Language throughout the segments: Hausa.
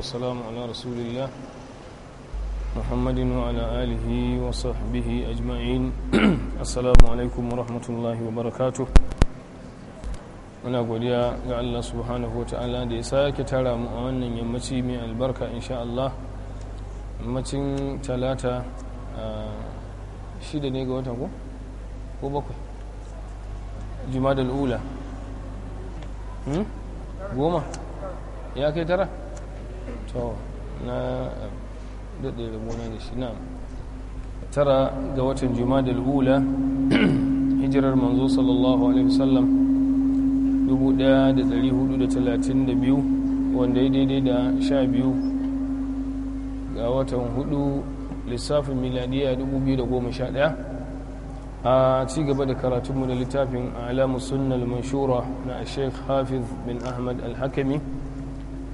salamu ala rasulillah muhammadin wa ala alihi wa sahbihi ajma'in assalamu alaikum wa rahmatullahi wa muna godiya ga Allah subhanahu wa ta'ala da ya sake tara mu a wannan yammaci mai albarka insha Allah yammacin talata shida ne ga wata ko? bakwai ula hmm? goma ya kai tara to na daɗe rabona da shi na tara ga watan juma'a ula hijirar manzo sallallahu alaihi wasallam 1432 wanda ya daidai da 12 ga watan hudu lissafin miladiya 2011 a cigaba da karatunmu da littafin alamu sunnal manshura na sheikh hafiz bin ahmad al-hakami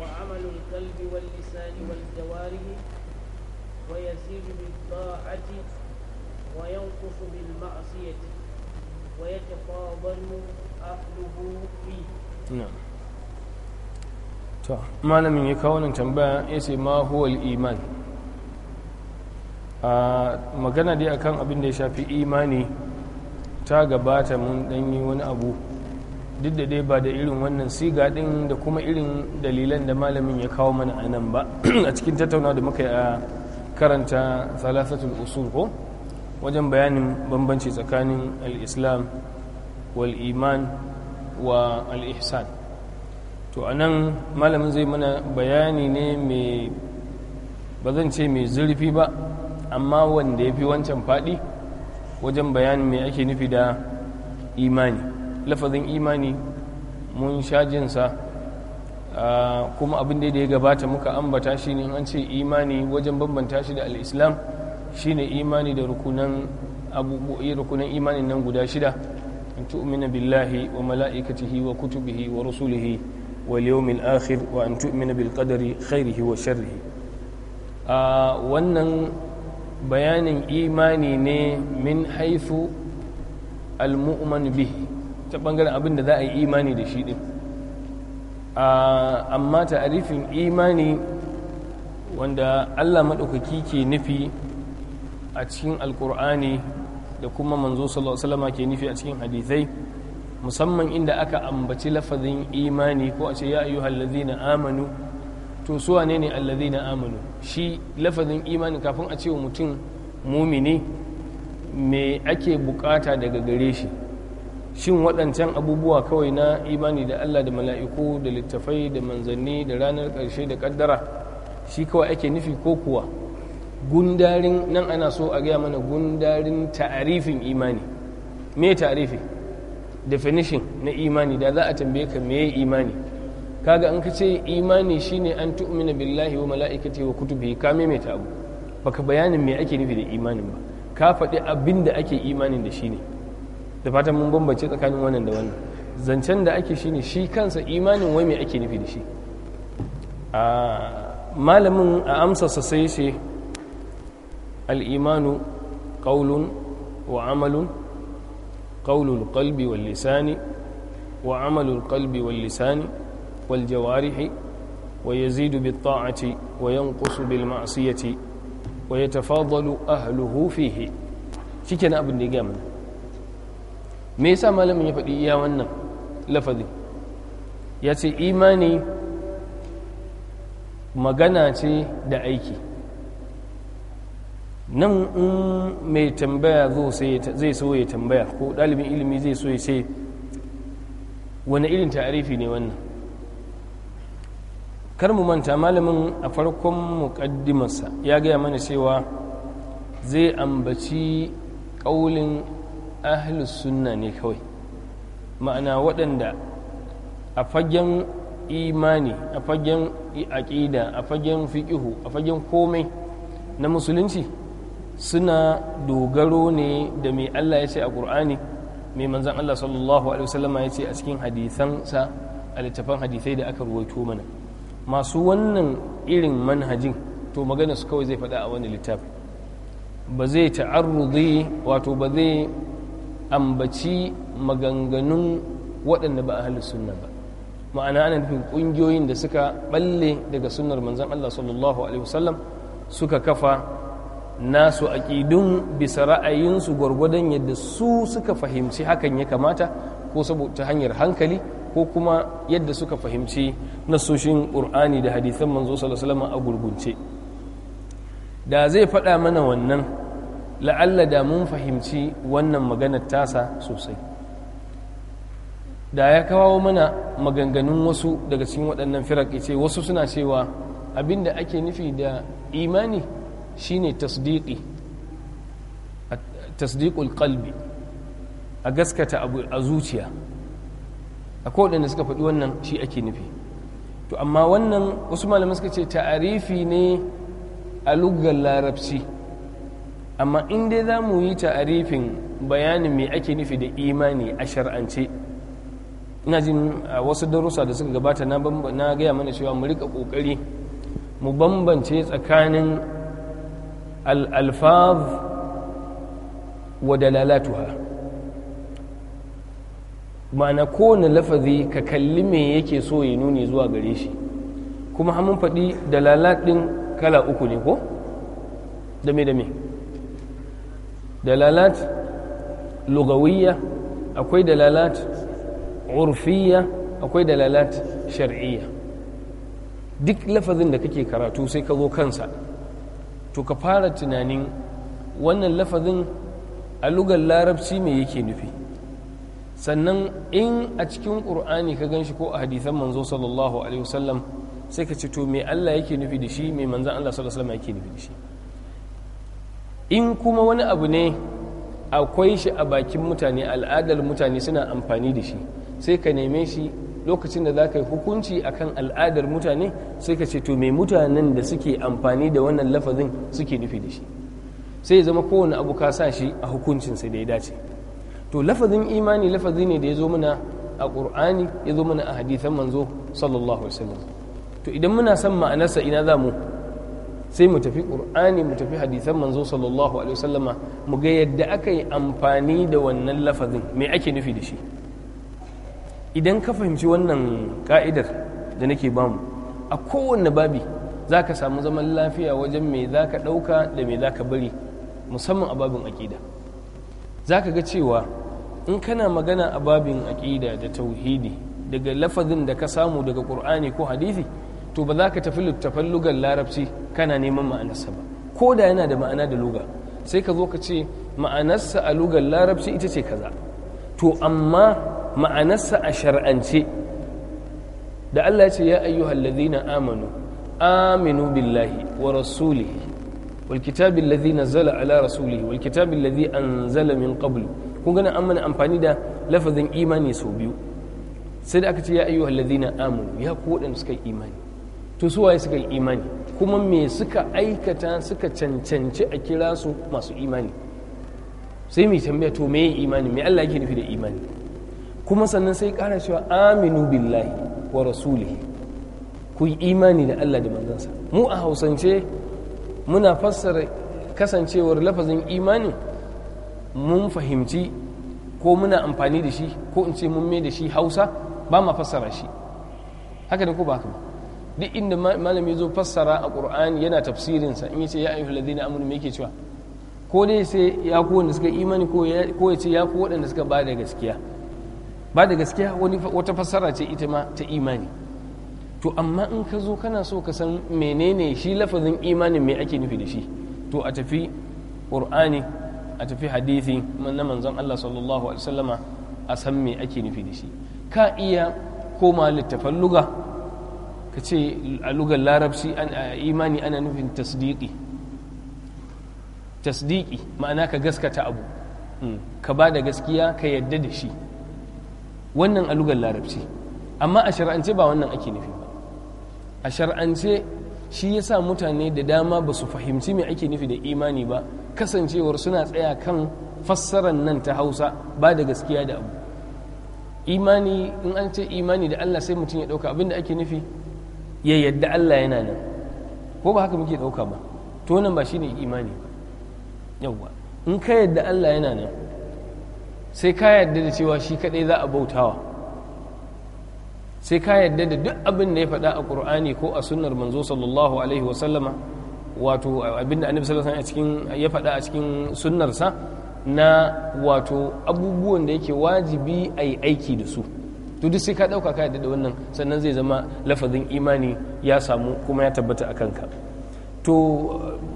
وعمل القلب واللسان والجوارح ويزيد بالطاعة وينقص بالمعصية ويتفاضل أهله فيه نعم ما ya kawo nan tambaya ya ma huwal iman a magana dai akan abin da ya shafi imani ta gabata mun danyi wani abu duk da dai ba da irin wannan siga din da kuma irin dalilan da malamin ya kawo mana a nan ba a cikin tattauna da muka yi a karanta salasatul usul ko wajen bayanin bambanci tsakanin al-islam wal iman wa al to a nan malamin zai mana bayani ne mai ba zan ce mai zurfi ba amma wanda ya fi wancan faɗi wajen bayanin mai ake nufi da imani lafazin imani mun shajinsa kuma abin da ya gabata muka ambata shi ne an ce imani wajen bambanta shi da al'islam shi ne imani da rukunan abubuwa rukunan imanin nan guda shida in tu'mina billahi wa mala'ikatihi wa kutubihi wa rusulihi wal yawmil akhir wa an tu'mina bil qadari khairihi wa sharrihi wannan bayanin imani ne min haifu al-mu'man bihi ta bangaren abin da za a yi imani da shi din amma ta'arifin imani wanda allah maɗaukaki ke nufi a cikin alkur'ani da kuma manzo salama ke nufi a cikin hadithai musamman inda aka ambaci lafazin imani ko a ce ya hallazi na amanu to su wane ne na amanu shi lafazin imani kafin a ce wa mutum mumini me ake bukata daga gare shi shin waɗancan abubuwa kawai na imani da Allah da mala'iku da littafai da manzanni da ranar ƙarshe da ƙaddara shi kawai ake nufi ko kuwa gundarin nan ana so a gaya mana gundarin ta'arifin imani me ta'arifi definition na imani da za a tambaye ka me imani kaga an ka ce imani shine an tu'mina billahi wa mala'ikati wa kutubihi ka maimaita abu baka bayanin me ake nufi da imanin ba ka faɗi abin da ake imanin da shi ne da fatan mun bambance tsakanin wannan da wannan zancen da ake shine shi kansa imanin wai me ake nufi da shi malamin a amsarsa sai ce al'imanu ƙaulun wa amalun ƙaulul kalbi wal lisani wa amalul kalbi wal lisani wal jawarihi wa yazidu bil ta'ati wa yanqusu bil ma'siyati wa yatafadalu ahluhu fihi shikenan abin da ya gaya mana me yasa malamin ya faɗi iya wannan lafazi ya ce imani magana ce da aiki nan in mai tambaya zai so ya tambaya ko ɗalibin ilimi zai so ya ce wani irin tarifi ne wannan kar mu manta malamin a farkon muƙaddimarsa ya gaya mana cewa zai ambaci ƙaulin ahlus sunna ne kawai ma'ana waɗanda a fagen imani a fagen aƙida a fagen fiƙihu a fagen komai na musulunci suna dogaro ne da mai Allah ya ce a ƙur'ani mai manzan Allah sallallahu alaihi wasallam ya ce a cikin hadisansa a littafan hadisai da aka ruwaito mana masu wannan irin manhajin to magana su kawai zai faɗa a wani littafi ba zai ta'arrudi wato ba zai ambaci maganganun waɗanda ba halin sunna ba ma'ana ana nufin ƙungiyoyin da suka ɓalle daga sunnar manzan Allah sallallahu alaihi wasallam suka kafa nasu aƙidun bisa ra'ayinsu gwargwadon yadda su suka fahimci hakan ya kamata ko saboda hanyar hankali ko kuma yadda suka fahimci nasoshin ƙur'ani da hadisan manzo sallallahu alaihi wasallam a gurgunce da zai faɗa mana wannan la'alla da mun fahimci wannan maganar tasa sosai da ya kawo mana maganganun wasu daga cikin waɗannan firak ce wasu suna cewa abinda ake nufi da imani shine tasdiqi tasdiqul qalbi a gaskata abu a zuciya akwai waɗanda suka faɗi wannan shi ake nufi to amma wannan wasu malamai suka ce ta'arifi ne a lugar larabci amma in dai za mu yi ta'arifin bayanin me ake nufi da imani a shar'ance ina jin a wasu darussa da suka gabata na gaya mana cewa mu rika kokari mu bambance tsakanin al'alfaz wa mana ma'ana kowane lafazi ka kalli me yake so ya nuni zuwa gare shi kuma mun faɗi dalalat ɗin kala uku ne ko? dame-dame dalalat lugawiyya akwai dalalat urfiyya akwai dalalat shar'iyya duk lafazin da kake karatu sai ka zo kansa to ka fara tunanin wannan lafazin a lugar larabci me yake nufi sannan in a cikin ƙur'ani ka ganshi ko a hadisan manzo sallallahu alaihi wasallam sai ka ce to me Allah yake nufi da shi me manzan Allah sallallahu alaihi wasallam yake nufi da shi in kuma wani abu ne akwai shi a bakin mutane al'adar mutane suna amfani da shi sai ka neme shi lokacin da za ka yi hukunci akan al'adar mutane sai ka ce to mai mutanen da suke amfani da wannan lafazin suke nufi da shi sai zama kowane abu ka sa shi a hukuncinsa da ya dace to lafazin imani lafazi ne da ya zo mana a ƙur'ani ya zo mana a hadithan manzo sallallahu alaihi wasallam to idan muna son ma'anarsa ina za mu sai mu tafi ƙur'ani mu tafi hadisan manzo sallallahu alaihi wasallama mu ga yadda aka yi amfani da wannan lafazin me ake nufi da shi idan ka fahimci wannan ka'idar da nake bamu a kowanne babi za ka samu zaman lafiya wajen me za ka ɗauka da me za ka bari musamman a babin aƙida za ka ga cewa in kana magana a babin aƙida da tauhidi daga lafazin da ka samu daga ƙur'ani ko hadisi to ba za ka tafi littafan larabci kana neman ma'anarsa ba ko da yana da ma'ana da luga sai ka zo ka ce ma'anarsa a lugar larabci ita ce kaza to amma ma'anarsa a shar'ance da Allah ya ce ya ayyuhal ladhina amanu aminu billahi wa rasulihi wal kitabi alladhi nazzala ala rasulihi wal kitabi alladhi anzala min qablu kun gana an mana amfani da lafazin imani sau biyu sai da aka ce ya ayyuhal ladhina amanu ya ku waɗanda suka yi imani to su waye suka yi imani kuma me suka aikata suka cancanci a kira su masu imani sai mu tambaya to me imani me Allah yake nufi da imani kuma sannan sai kara cewa aminu billahi wa rasulihi ku yi imani da Allah da manzansa mu a hausance muna fassara kasancewar lafazin imani mun fahimci ko muna amfani da shi ko in ce mun mai da shi hausa ba ma fassara shi haka da ko ba ka ba duk inda malami zo fassara a qur'ani yana tafsirinsa in ce ya ayyuhal ladina amanu me yake cewa ko dai sai ya ku wanda suka imani ko ya ce ya ku waɗanda suka ba da gaskiya ba da gaskiya wani wata fassara ce ita ma ta imani to amma in ka zo kana so ka san menene shi lafazin imanin me ake nufi da shi to a tafi qur'ani a tafi hadithi na manzon Allah sallallahu alaihi wasallama a san me ake nufi da shi ka iya koma littafan luga ka ce a lugar larabci imani ana nufin tasdiki tasdiki ma'ana ka gaskata abu hmm. ka ba da gaskiya ka yadda da shi wannan a lugar larabci amma a shar'ance ba wannan ake nufi ba a shar'ance shi ya sa mutane da dama ba su fahimci me ake nufi da imani ba kasancewar suna tsaya kan fassarar nan ta hausa ba da gaskiya da abu imani in an ce imani da allah sai mutum ya ɗauka abinda ake nufi ya yadda Allah yana nan ko ba haka muke ɗauka ba to nan ba shine imani ba yawwa in ka yadda Allah yana nan sai ka yadda da cewa shi kaɗai za a bautawa sai ka yadda da duk abin da ya faɗa a Qur'ani ko a sunnar manzo sallallahu alaihi wa sallama wato abin da annabi sallallahu alaihi cikin ya faɗa a cikin sunnarsa na wato abubuwan da yake wajibi a yi aiki da su to duk sai ka ɗauka ka yadda da wannan sannan zai zama lafazin imani ya samu kuma ya tabbata a kanka to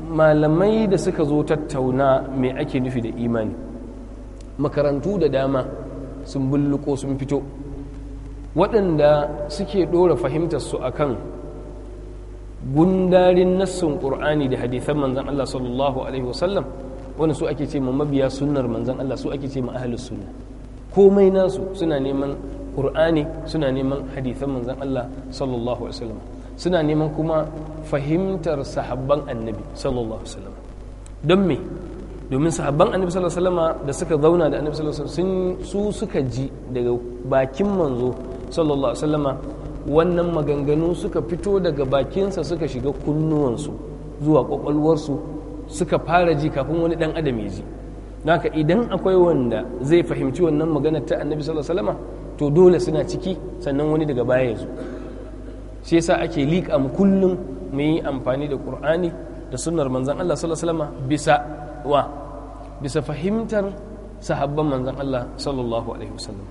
malamai da suka zo tattauna me ake nufi da imani makarantu da dama sun bulluko sun fito waɗanda suke ɗora fahimtarsu a kan gundarin nassin ƙur'ani da hadithan manzan Allah sallallahu alaihi wasallam wani su ake ce ma mabiya sunnar manzan Allah su ake ce ma ahalus sunna komai nasu suna neman qur'ani suna neman hadithan manzan Allah sallallahu alaihi wasallam suna neman kuma fahimtar sahabban annabi sallallahu alaihi wasallam don me domin sahabban annabi sallallahu alaihi wasallam da suka zauna da annabi sallallahu alaihi wasallam su suka ji daga bakin manzo sallallahu alaihi wasallam wannan maganganu suka fito daga bakinsa suka shiga kunnuwansu zuwa kwakwalwarsu suka fara ji kafin wani dan adam ya ji naka idan akwai wanda zai fahimci wannan magana ta annabi sallallahu alaihi wasallam to dole suna ciki sannan wani daga baya ya zo shi yasa ake liƙa mu kullum mu yi amfani da qur'ani da sunnar manzon Allah sallallahu alaihi wasallam bisa wa bisa fahimtar sahabban manzon Allah sallallahu alaihi wasallam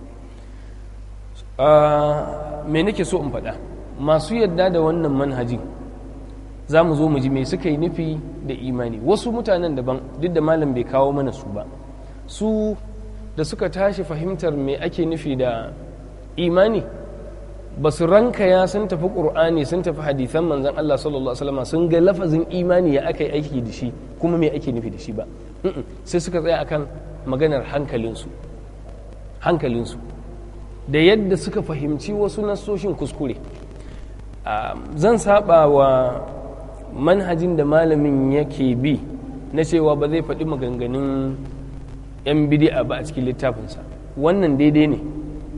ah, me nake so in faɗa masu yadda da wannan manhajin za mu zo mu ji me suka yi nufi da imani wasu mutanen daban duk da malam bai kawo mana su ba su da suka tashi fahimtar me ake nufi da imani ba su ranka ya sun tafi ƙur'ani sun tafi hadithan manzan Allah sallallahu alaihi sun ga lafazin imani ya aka yi aiki da shi kuma me ake nufi da shi ba sai suka tsaya akan maganar hankalinsu hankalinsu da yadda suka fahimci wasu nasoshin kuskure um, zan saba wa manhajin da malamin yake bi na cewa ba zai faɗi maganganun 'yan bidi'a ba a cikin littafinsa wannan daidai ne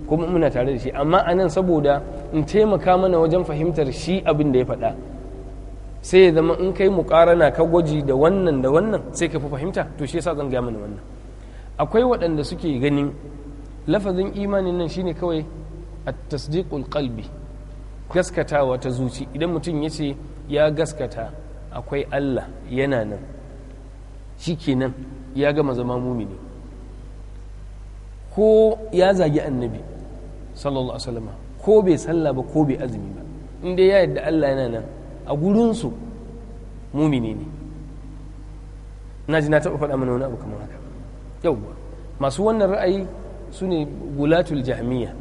kuma muna tare da shi amma a nan saboda in taimaka mana wajen fahimtar shi abin da ya faɗa sai ya zama in kai muƙarana ka gwaji da wannan da wannan sai ka fi fahimta to shi yasa zan gaya mana wannan akwai waɗanda suke ganin lafazin imanin nan shine kawai a tasdiqul qalbi gaskatawa ta zuci idan mutum ya ce ya gaskata akwai Allah yana nan shi shikenan ya gama zama mumini ko ya zagi annabi sallallahu alaihi wasallam ko bai salla ba ko bai azumi ba in dai ya yadda Allah yana nan a gurinsu mumini ne na ji na taɓa faɗa mana wani abu kamar haka yauwa masu wannan ra'ayi su ne gulatul jahmiya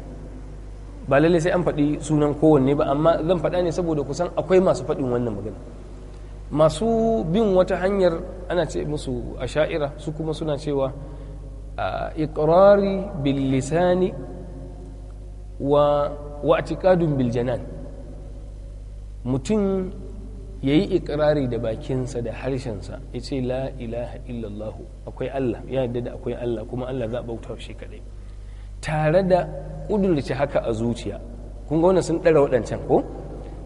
ba lallai sai an faɗi sunan kowanne ba amma zan faɗa ne saboda kusan akwai masu faɗin wannan magana masu bin wata hanyar ana ce musu asha'ira su kuma suna cewa A bil lisani wa wa'tiqadun bil janan mutum yayi iqrari da bakinsa da harshensa yace la ilaha illallah akwai Allah ya yadda da akwai Allah kuma Allah za bauta shi kadai tare da kudurci haka a zuciya kun ga wannan sun dara waɗancan ko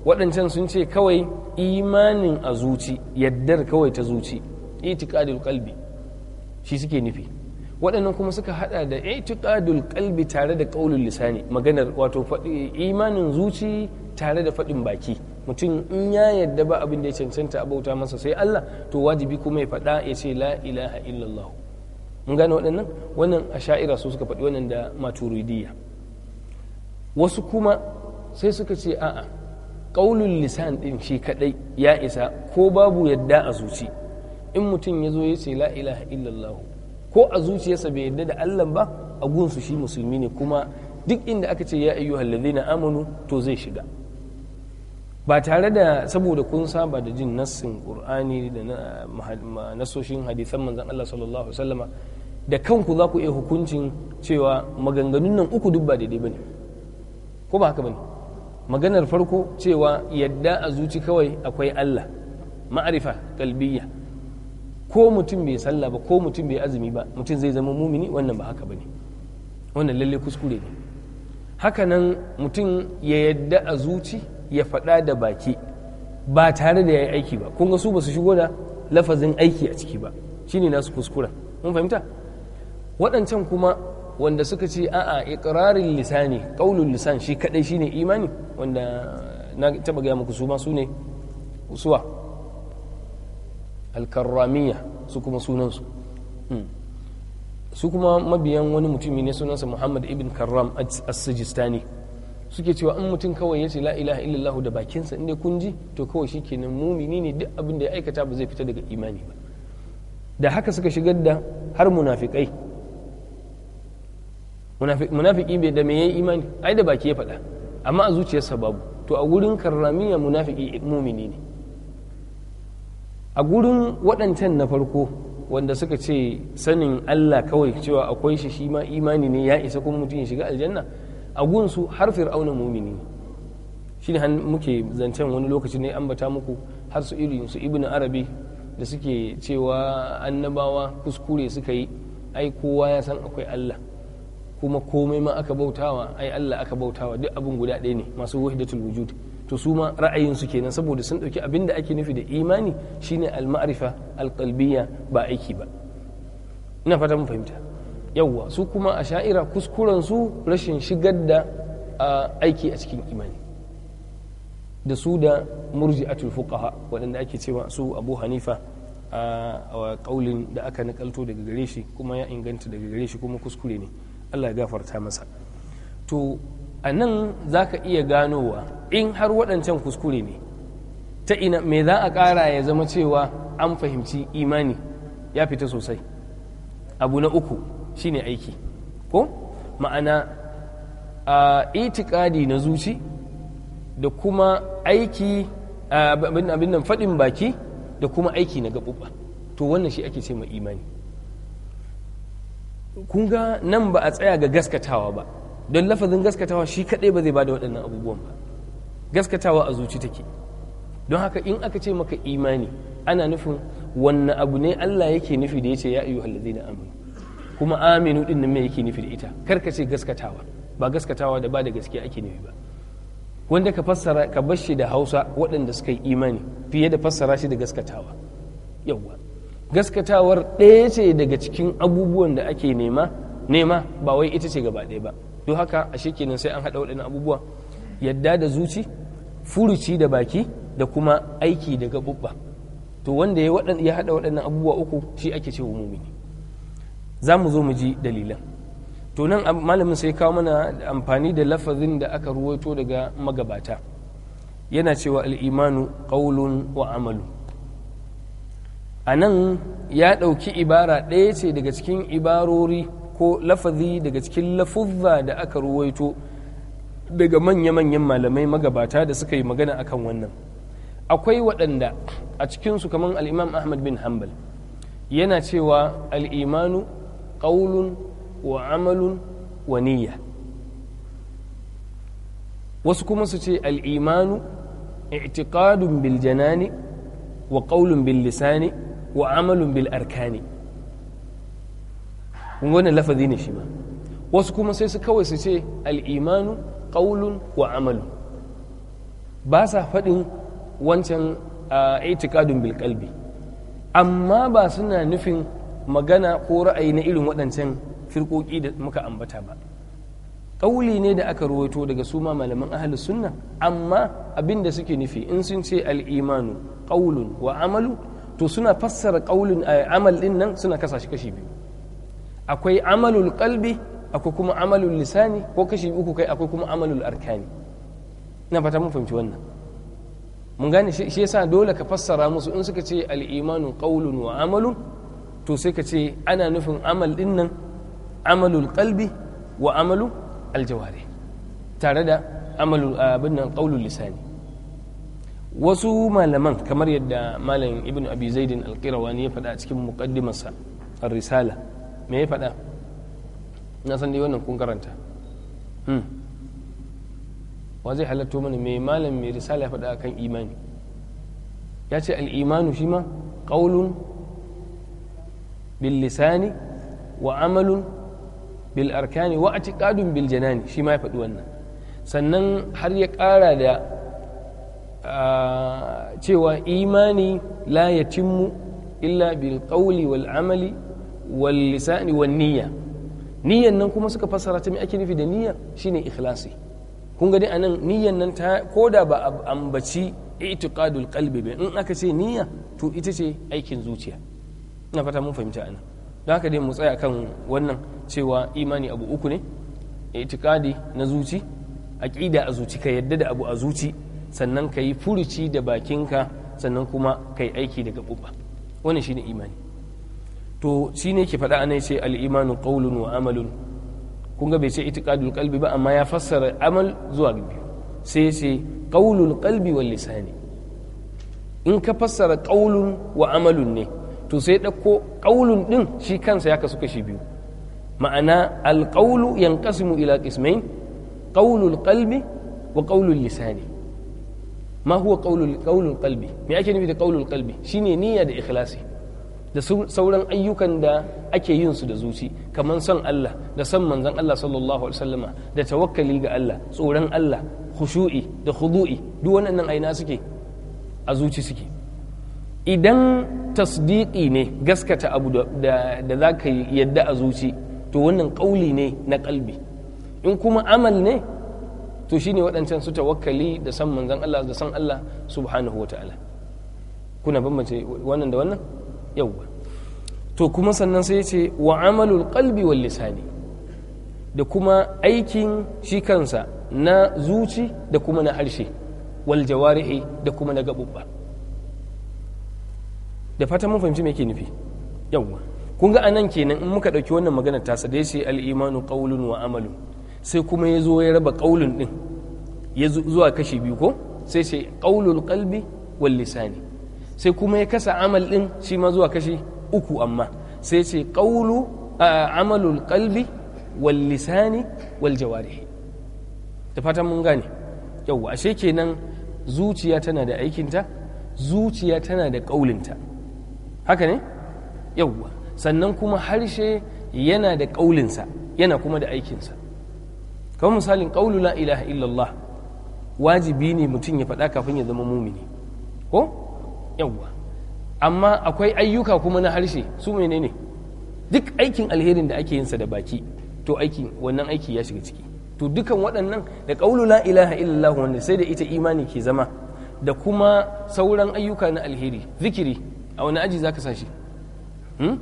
waɗancan sun ce kawai imanin a zuci yaddar kawai ta zuci itikadul qalbi shi suke nufi waɗannan kuma suka haɗa da i'tiqadul qalbi tare da qaulul lisani maganar wato imanin zuci tare da faɗin baki mutum in ya yadda ba abin da ya cancanta abauta masa sai Allah to wajibi kuma ya faɗa ya ce la ilaha illallah mun gane waɗannan wannan asha'ira su suka faɗi wannan da maturidiyya wasu kuma sai suka ce a'a qaulul lisan din shi kadai ya isa ko babu yadda a zuci in mutum ya zo ya ce la ilaha illallah ko a zuciyarsa bai yadda da Allah ba a gunsu shi musulmi ne kuma duk inda aka ce ya ayyuhal na amanu to zai shiga ba tare da saboda kun saba da jin nassin qur'ani da nasoshin hadisan manzan Allah sallallahu alaihi wasallama da kanku za ku iya hukuncin cewa maganganun nan uku duk ba daidai bane ko ba haka bane maganar farko cewa yadda a zuci kawai akwai Allah ma'arifa kalbiyya ko mutum bai sallah ba ko mutum bai azumi ba mutum zai zama mumini wannan ba haka bane wannan lalle kuskure ne haka nan mutum ya yadda a zuci ya faɗa da baki ba tare da ya yi aiki ba kun ga su ba su shigo da lafazin aiki a ciki ba shine nasu kuskuren mun fahimta waɗancan kuma wanda suka ce a'a iƙirarin lisani ƙaulun lisan shi kaɗai shine imani wanda na taɓa gaya muku su ma su ne usuwa alkarramiya su kuma sunansu hmm. su kuma mabiyan wani mutumi ne sunansa muhammad ibn karram as-sijistani suke cewa an mutum kawai ya ce la ilaha illallah da bakinsa inda kun ji to kawai shi kenan mumini ne duk abin ya aikata ba zai fita daga imani ba da haka suka shigar da har munafikai munafiki bai da me yi imani ai da baki ya faɗa amma a zuciyarsa babu to a wurin karramiya munafiki mumini ne a gurin waɗancan na farko wanda suka ce sanin Allah kawai cewa akwai shi shi ma imani ne ya isa kuma mutum ya shiga aljanna a gunsu har fir'auna mumini ne shi ne muke zancen wani lokaci ne ambata muku har su irin su ibn arabi da suke cewa annabawa kuskure suka yi ai kowa ya san akwai Allah kuma komai ma aka bautawa ai Allah aka bautawa duk abin guda ɗaya ne masu wahidatul wujud to su ma ra'ayin su kenan saboda sun ɗauki abin da ake nufi da imani shine al-ma'rifa al-qalbiyya ba aiki ba ina fata mun fahimta yawwa su kuma a sha'ira kuskuren su rashin shigar da aiki a cikin imani da su da murji'atul fuqaha waɗanda ake cewa su Abu Hanifa a kaulin da aka nakalto daga gare shi kuma ya inganta daga gare shi kuma kuskure ne Allah ya gafarta masa to a nan za ka iya ganowa in har waɗancan kuskure ne ta ina me za a ƙara ya zama cewa an fahimci imani ya fita sosai abu na uku shine aiki ko ma'ana a itikadi na zuci da kuma aiki abin nan faɗin baki da kuma aiki na gaɓuɓɓa to wannan shi ake ce ma imani kun ga nan ba a tsaya ga gaskatawa ba don lafazin gaskatawa shi kaɗai ba zai ba da waɗannan abubuwan ba gaskatawa a zuci take don haka in aka ce maka imani ana nufin wanne abu ne Allah yake nufi da yace ya ayu na amanu kuma aminu din nan me yake nufi da ita kar ka ce gaskatawa ba gaskatawa da ba da gaskiya ake nufi ba wanda ka fassara ka bashi da Hausa waɗanda suka yi imani fiye da fassara shi da gaskatawa yawa gaskatawar ɗaya ce daga cikin abubuwan da ake nema nema ba wai ita ce gaba ɗaya ba don haka a kenan sai an haɗa waɗannan abubuwa yadda da zuci furuci da baki da kuma aiki da gabubba to wanda ya haɗa waɗannan abubuwa uku shi ake wa mumini za mu zo mu ji dalilan to nan malamin sai kawo mana amfani da lafazin da aka ruwaito daga magabata yana cewa al'imanu ƙaulun wa amalu a nan ya ɗauki ibara ɗaya ce daga cikin ibarori ko lafazi daga cikin lafuzza da aka ruwaito daga manya-manyan malamai magabata da suka yi magana akan wannan akwai waɗanda a cikinsu kamar al'imam ahmad bin hanbal yana cewa al'imanu ƙaulun wa amalun wa niyya wasu kuma su ce al'imanu i'tiqadun bil janani wa ƙaulun bil lisani wa amalun bil arkani wannan lafazi ne shi ma wasu kuma sai su kawai su ce al'imanu ƙaulun wa amalu ba sa faɗin wancan aitikadun bilƙalbi amma ba suna nufin magana ko ra'ayi na irin waɗancan firƙoƙi da muka ambata ba ƙauli ne da aka rawaito daga su ma malaman ahalus sunna amma abin da suke nufi in sun ce al'imanu ƙaulun wa amalu to suna fassara ƙaulun amal ɗin nan suna kasa shi kashi biyu akwai amalul ƙalbi akwai kuma amalul lisani ko kashi uku kai akwai kuma amalul arkani ina fata mun fahimci wannan mun gane shi yasa dole ka fassara musu in suka ce alimanu imanu wa amalun to sai ka ce ana nufin amal din nan amalul qalbi wa amalu aljawari tare da amalul ah, abin nan qawlul lisani wasu malaman kamar yadda malam ibn abi zaidin al ya faɗa a cikin muqaddimarsa ar-risala me ya faɗa na san dai wannan kun karanta hmm. wa zai halatto mana mai malam mai risala ya faɗa akan imani ya ce al'imanu shi ma bil wa amalun bil arkani wa atiqadun bil janani shi ma ya faɗi wannan sannan har ya ƙara da cewa imani la illa bil qawli wal amali wal lisani wan niyya niyyan nan kuma suka fassara ta me ake nufi da niyya shine ikhlasi kun ga anan niyyan nan ta da ba a ambaci itiqadul qalbi ba in aka ce niyya to ita ce aikin zuciya ina fata mun fahimta anan don haka dai mu tsaya kan wannan cewa imani abu uku ne itiqadi na zuci aqida a zuci ka yadda da abu a zuci sannan ka yi furuci da bakinka sannan kuma ka yi aiki daga gaɓuɓa wannan shine imani to shi ne ke faɗa anai sai al'imanu ƙaulun wa amalin, kun ga bai sai itiqadul ƙalbi ba amma ya fassara amal zuwa biyu sai sai ce ƙalbi qalbi lisani in ka fassara ƙaulun wa amalin ne to sai ɗauko ƙaulun ɗin shi kansa ya kasu kashi biyu ma'ana alƙaulu yanqasimu ila qismain ƙaulul ƙalbi wa ƙaulul lisani ma huwa ƙaulul ƙalbi, me ake nufi da ƙaulul ƙalbi shine niyya da ikhlasi da sauran ayyukan da ake yin su da zuci kamar son Allah da son manzon Allah sallallahu alaihi wasallama da tawakkali ga Allah tsoron Allah khushu'i da khudu'i duk waɗannan aina suke a zuci suke idan tasdiqi ne gaskata abu da za ka yadda a zuci to wannan ƙauli ne na kalbi in kuma amal ne to shine waɗancan su tawakali da san manzon Allah da san Allah subhanahu wataala kuna bambance wannan da wannan yawwa to kuma sannan sai ce wa amalul kalbi wal lisani da kuma aikin shi kansa na zuci da kuma na harshe wal jawarihi da kuma na gabubba da fata mun fahimci me yake nufi yawwa kun ga anan kenan in muka ɗauki wannan maganar ta da yace al imanu qaulun wa amalun sai kuma ya zo ya raba qaulun din ya zuwa kashi biyu ko sai ce qaulul qalbi wal lisani sai kuma ya kasa amal din shi ma zuwa kashi uku amma sai ce ƙaulu amalul ƙalbi, wal lisani wal jawarihi da fatan mun gane yau ashe kenan zuciya tana da aikinta zuciya tana da ƙaulinta haka ne yauwa sannan kuma harshe yana da ƙaulinsa yana kuma da aikinsa kamar misalin ƙaulu la ilaha illallah wajibi ne mutum ya faɗa kafin ya zama mumini ko yauwa amma akwai ayyuka kuma na harshe su menene duk aikin alherin da ake yinsa da baki to aiki wannan aiki ya shiga ciki to dukan waɗannan da ƙaulu la ilaha illallah wanda sai da ita imani ke zama da kuma sauran ayyuka na alheri zikiri a wani aji zaka sa shi hmm?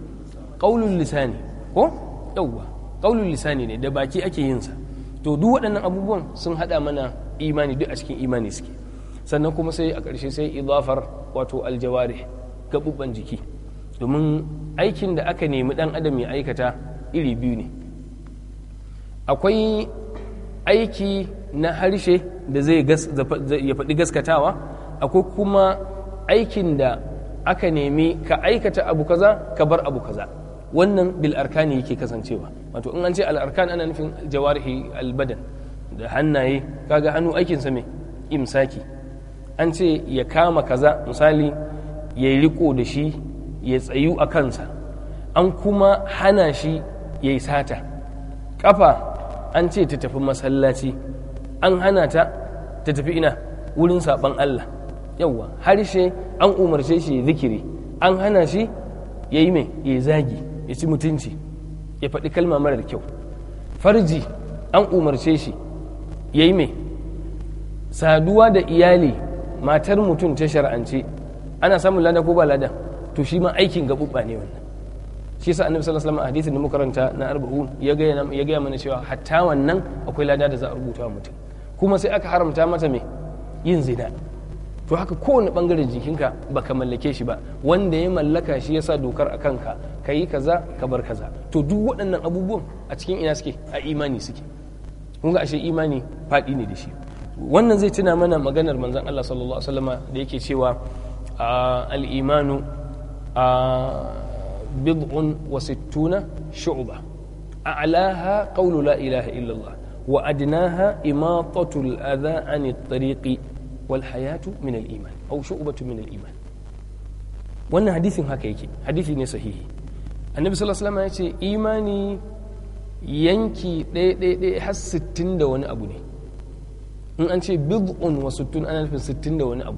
ƙaulun lisani ko ɗauwa ƙaulun lisani ne da baki ake yinsa to duk waɗannan abubuwan sun haɗa mana imani duk a cikin imani suke sannan kuma sai a ƙarshe sai idafar wato aljawari gaɓuɓɓan jiki domin aikin da aka nemi dan adam ya aikata iri biyu ne akwai aiki na harshe da zai ya faɗi gaskatawa akwai kuma aikin da aka nemi ka aikata abu kaza ka bar abu kaza wannan bil arkani yake kasancewa wato in an ce al arkan ana nufin jawarihi al da hannaye kaga hannu aikinsa mai imsaki an ce ya kama kaza misali ya yi riko da shi ya tsayu a kansa an kuma hana shi ya yi sata ƙafa an ce ta tafi masallaci an hana ta ta tafi ina wurin saɓon Allah yawwa harshe an umarce shi ya zikiri an hana shi ya yi mai ya zagi ya ci mutunci ya faɗi kalma marar kyau farji an umarce shi ya yi mai saduwa da iyali matar mutum ta shar'ance ana samun lada ko ba lada to shi ma aikin gaɓuɓɓa ne wannan shi yasa annabi sallallahu alaihi wasallam a hadisin da muka karanta na arba'u ya ga ya ga mana cewa hatta wannan akwai lada da za a rubuta wa mutum kuma sai aka haramta mata me yin zina to haka kowane bangaren jikinka baka mallake shi ba wanda ya mallaka shi yasa dokar a kanka ka yi kaza ka bar kaza to duk waɗannan abubuwan a cikin ina suke a imani suke kun ga ashe imani faɗi ne da shi wannan zai tuna mana maganar manzon Allah sallallahu alaihi wasallama da yake cewa آه الإيمان آه بضع وستون شعبة أعلاها قول لا إله إلا الله وأدناها إماطة الأذى عن الطريق والحياة من الإيمان أو شعبة من الإيمان وأن حديث هكيك حديث صحيح النبي صلى الله عليه وسلم يقول إيماني yanki ɗaya-ɗaya har sittin da wani abu ne in an ce bid'un wa sittun ana nufin sittin da wani abu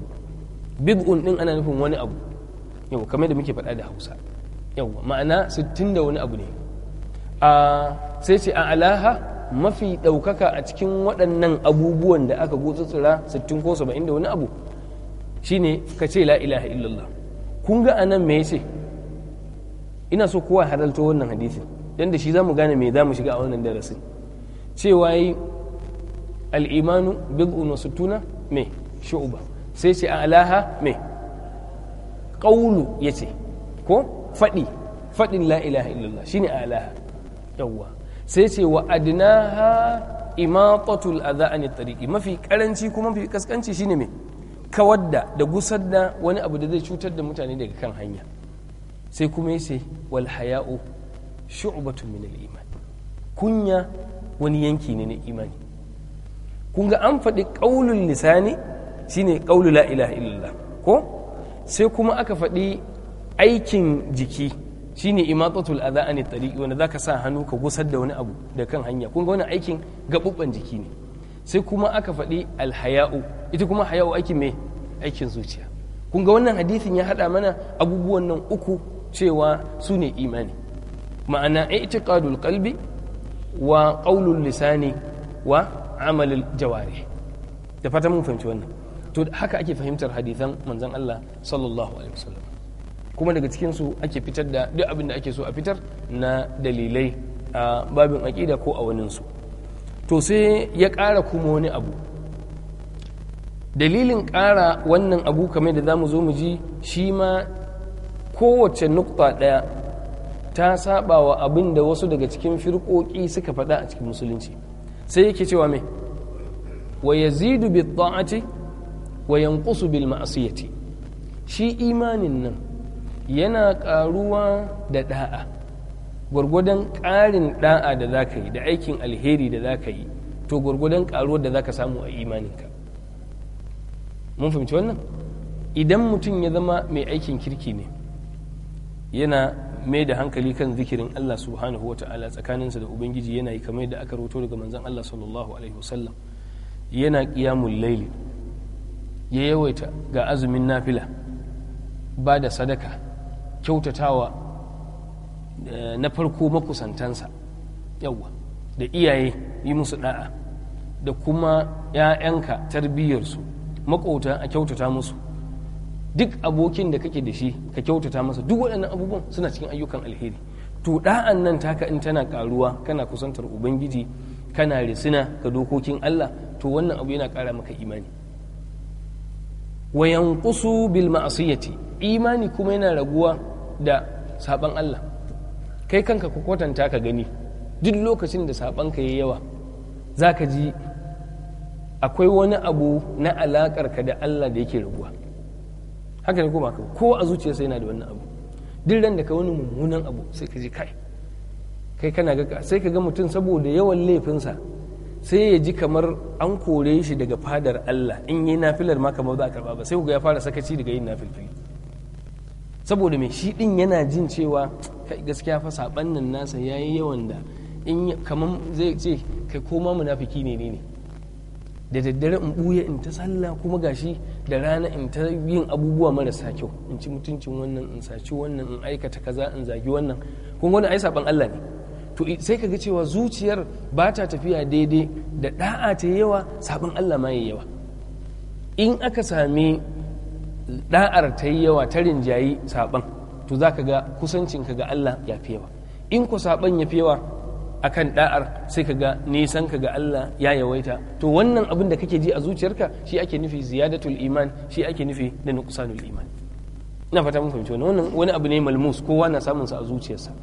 bid'un din ana nufin wani abu yau kamar da muke faɗa da hausa yau ma'ana sittin da wani abu ne a sai ce a alaha mafi ɗaukaka a cikin waɗannan abubuwan da aka tsira sittin ko saba'in da wani abu shine ka ce la ilaha illallah kun ga anan me ce ina so kowa halalto wannan hadisin dan da shi zamu gane me zamu shiga a wannan darasin cewa yi al-imanu bid'un wa sittuna me shu'ba sai ce an alaha me ƙaunu ya ce ko faɗi faɗin la ilaha illallah shi ne alaha yawwa sai ce wa adnaha imatatul adha an tariqi mafi karanci kuma mafi kaskanci shine me kawar da da gusar da wani abu da zai cutar da mutane daga kan hanya sai kuma yace wal haya'u shu'batun min al-iman kunya wani yanki ne na imani kun ga an faɗi ƙaulun lisani shine qaulu la ilaha illallah ko sai kuma aka faɗi aikin jiki shine a adha an tariqi wanda ka sa hannu ka gusar da wani abu da kan hanya kun ga wani aikin gaɓuɓɓen jiki ne sai kuma aka faɗi alhaya'u ita kuma haya'u aikin mai aikin zuciya kun ga wannan hadithin ya haɗa mana abubuwan nan uku cewa su ne imani ma'ana i'tiqadul qalbi wa qaulul lisani wa amalin jawari da fata mun fahimci wannan to haka ake fahimtar hadithan manzon Allah sallallahu alaihi wasallam kuma daga cikin su ake fitar da duk abin da ake so a fitar na dalilai a babin aqida ko a wani su to sai ya ƙara kuma wani abu dalilin ƙara wannan abu kamar da zamu zo mu ji shi ma kowace nukta ɗaya ta saba wa abin da wasu daga cikin firƙoƙi suka faɗa a cikin musulunci sai yake cewa mai wa yazidu bi ta'ati wayan yanqusu bil ma'siyati shi imanin nan yana karuwa da ɗa'a gwargwadon ƙarin ɗa'a da za ka yi da aikin alheri da za ka yi to gwargwadon karuwa da za ka samu a imaninka mun fahimci wannan idan mutum ya zama mai aikin kirki ne yana mai da hankali kan zikirin Allah subhanahu wa ta'ala tsakaninsa da ubangiji yana yi kamar da aka roto daga manzon Allah sallallahu alaihi wasallam yana qiyamul layl ya yawaita ga azumin nafila ba da sadaka kyautatawa eh, na farko makusantansa yawa da iyaye yi musu da'a da kuma 'ya'yanka tarbiyyarsu makota a kyautata musu duk abokin da kake da shi ka kyautata masa duk waɗannan abubuwan suna cikin ayyukan alheri to da'an nan taka in tana karuwa kana kusantar ubangiji kana risina ga dokokin allah to wannan abu yana kara maka imani wa yanqusu bil ma'siyati imani kuma yana raguwa da saban Allah kai kanka ka kwatanta ka gani duk lokacin da saban ka yayi yawa zaka ji akwai wani abu na alakar ka da Allah da yake raguwa haka ne kuma ko a zuciya sai yana da wannan abu duk ran da ka wani mummunan abu sai ka ji kai kai kana ga sai ka ga mutum saboda yawan laifinsa sai ya ji kamar an kore shi daga fadar Allah in yi nafilar ma kamar za a karba ba sai ya fara sakaci daga yin nafilfili saboda mai shi din yana jin cewa kai gaskiya fa saban nan nasa ya yi yawan da in kamar zai ce kai koma munafiki ne ne da daddare in buya in ta sallah kuma gashi da rana in ta yin abubuwa marasa kyau in ci mutuncin wannan in saci wannan in aikata kaza in zagi wannan kun wani ai saban Allah ne to sai ka ga cewa zuciyar ba ta tafiya daidai da da'a ta yawa sabon Allah ma yawa in aka sami da'ar ta yi yawa ta rinjayi sabon to za ka ga kusancin ka ga Allah ya fi yawa in ku sabon ya fi yawa akan da'ar sai ka ga nisan ka ga Allah ya yawaita to wannan abin da kake ji a zuciyarka shi ake nufi ziyadatul iman shi ake nufi da nuqsanul iman ina fata mun wani abu ne malmus kowa na samun sa a zuciyarsa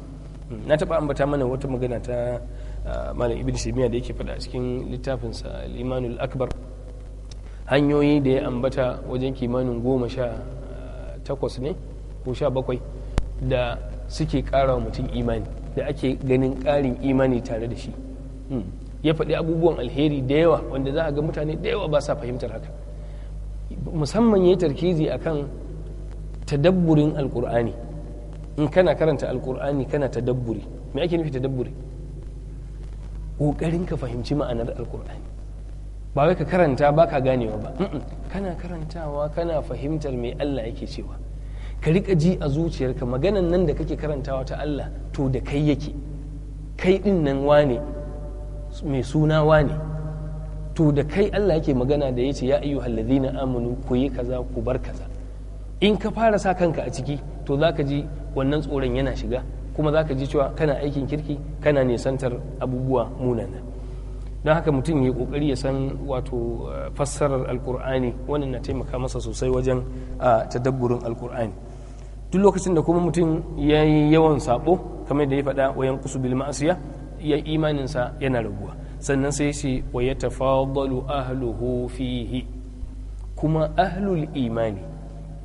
na taɓa ambata mana wata magana ta ah, malam ibn shimiya da yake faɗa a cikin littafinsa limanul akbar hanyoyi da ya ambata wajen kimanin goma sha ah, takwas ne ko sha bakwai da suke ƙara wa mutum imani da ake ganin ƙarin imani tare da shi hmm. ya faɗi abubuwan alheri da yawa wanda za a ga mutane da yawa ba sa fahimtar haka musamman ya yi tarkizi akan tadabburin alkur'ani in kana karanta alkur'ani kana tadabburi me ake nufi tadabburi kokarin ka fahimci ma'anar alkur'ani ba wai ka karanta ba ka ganewa ba kana karantawa kana fahimtar me Allah yake cewa ka rika ji a zuciyarka maganan nan da kake karantawa ta Allah to da kai yake kai din nan wane mai suna wane to da kai Allah yake magana da yace ya ayyuhal ladina amanu ku yi kaza ku bar kaza in ka fara sa kanka a ciki to zaka ji wannan tsoron yana shiga kuma za ka ji cewa kana aikin kirki kana nisantar abubuwa munana don haka mutum ya kokari ya san wato eh, fassarar alkur'ani wannan na taimaka masa sosai wajen ah, tadabburin alkur'ani duk lokacin da kuma mutum ya yi yawan sabo kamar yadda ya faɗa wayan kusu bil ma'asiya ya imaninsa yana raguwa sannan sai shi wa ya tafadalu ahluhu fihi kuma ahlul imani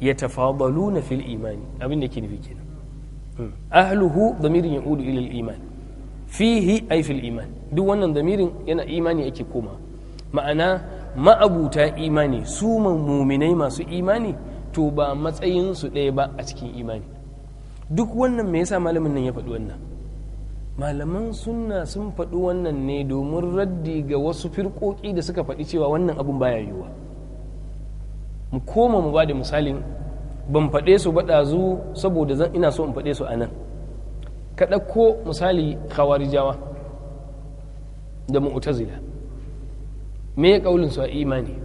ya tafadalu na fil imani abin da ke nufi kenan ahluhu damirin ya'udu ilil iman fihi ay fil iman duk wannan damirin yana imani ake koma ma'ana ma'abuta imani su muminai masu imani to ba matsayinsu su ɗaya ba a cikin imani duk wannan me yasa malamin nan ya faɗi wannan malaman sunna sun faɗi wannan ne domin raddi ga wasu firƙoƙi da suka faɗi cewa wannan abun baya yiwuwa mu koma mu ba da misalin ban faɗe su ba ɗazu saboda zan ina so in faɗe su a nan ka ɗauko misali khawarijawa da mu'tazila me ya ƙaunin su a imani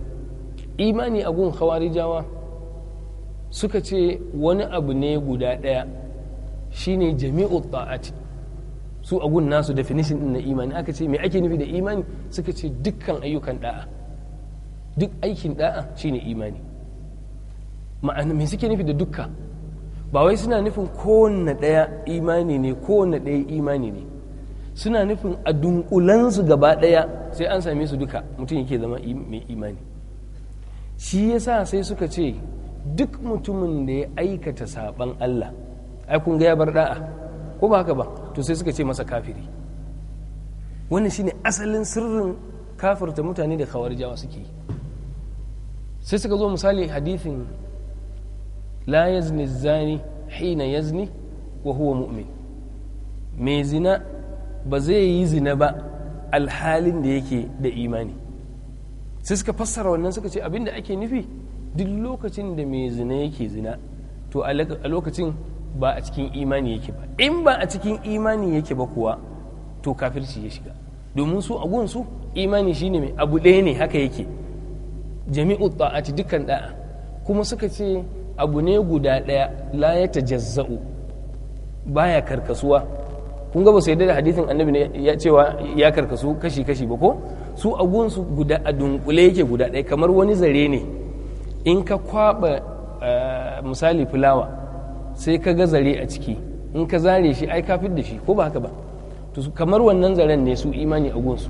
imani a gun khawarijawa suka ce wani abu ne guda ɗaya shine jami'u ta'ati su a gun nasu definition ɗin na imani aka ce me ake nufi da imani suka ce dukkan ayyukan ɗa'a duk aikin ɗa'a shine imani ma'ana me suke nufi da duka ba wai suna nufin kowanne ɗaya imani ne kowanne ɗaya imani ne suna nufin a dunkulansu gaba ɗaya sai an same su duka mutum yake zama mai imani shi yasa sai suka ce duk mutumin da ya aikata saban Allah ai kun ga ya bar da'a ko ba haka ba to sai suka ce masa kafiri wannan shine asalin sirrin kafirta mutane da kawar jawa suke sai suka zo misali hadithin la yazni zani hina yazni wa huwa mu'min mai zina ba zai yi zina ba alhalin da yake da imani sai suka fassara wannan suka ce abinda ake nufi duk lokacin da mai zina yake zina to a lokacin ba a cikin imani yake ba in ba a cikin imani yake ba kuwa to kafirci ya shiga domin su a gunsu imani shine mai abu ɗaya ne haka yake jami'u ta'ati dukkan da'a kuma suka ce abu ne guda ɗaya la ya tajazza'u baya karkasuwa kun ga ba su da hadithin annabi ne ya cewa ya karkasu kashi kashi ba ko su su guda a dunkule yake guda ɗaya kamar wani zare ne in ka kwaba eh, misali fulawa sai ka ga zare a ciki in ka zare shi ai kafin da shi ko ba haka ba to kamar wannan zaren ne su imani agunsu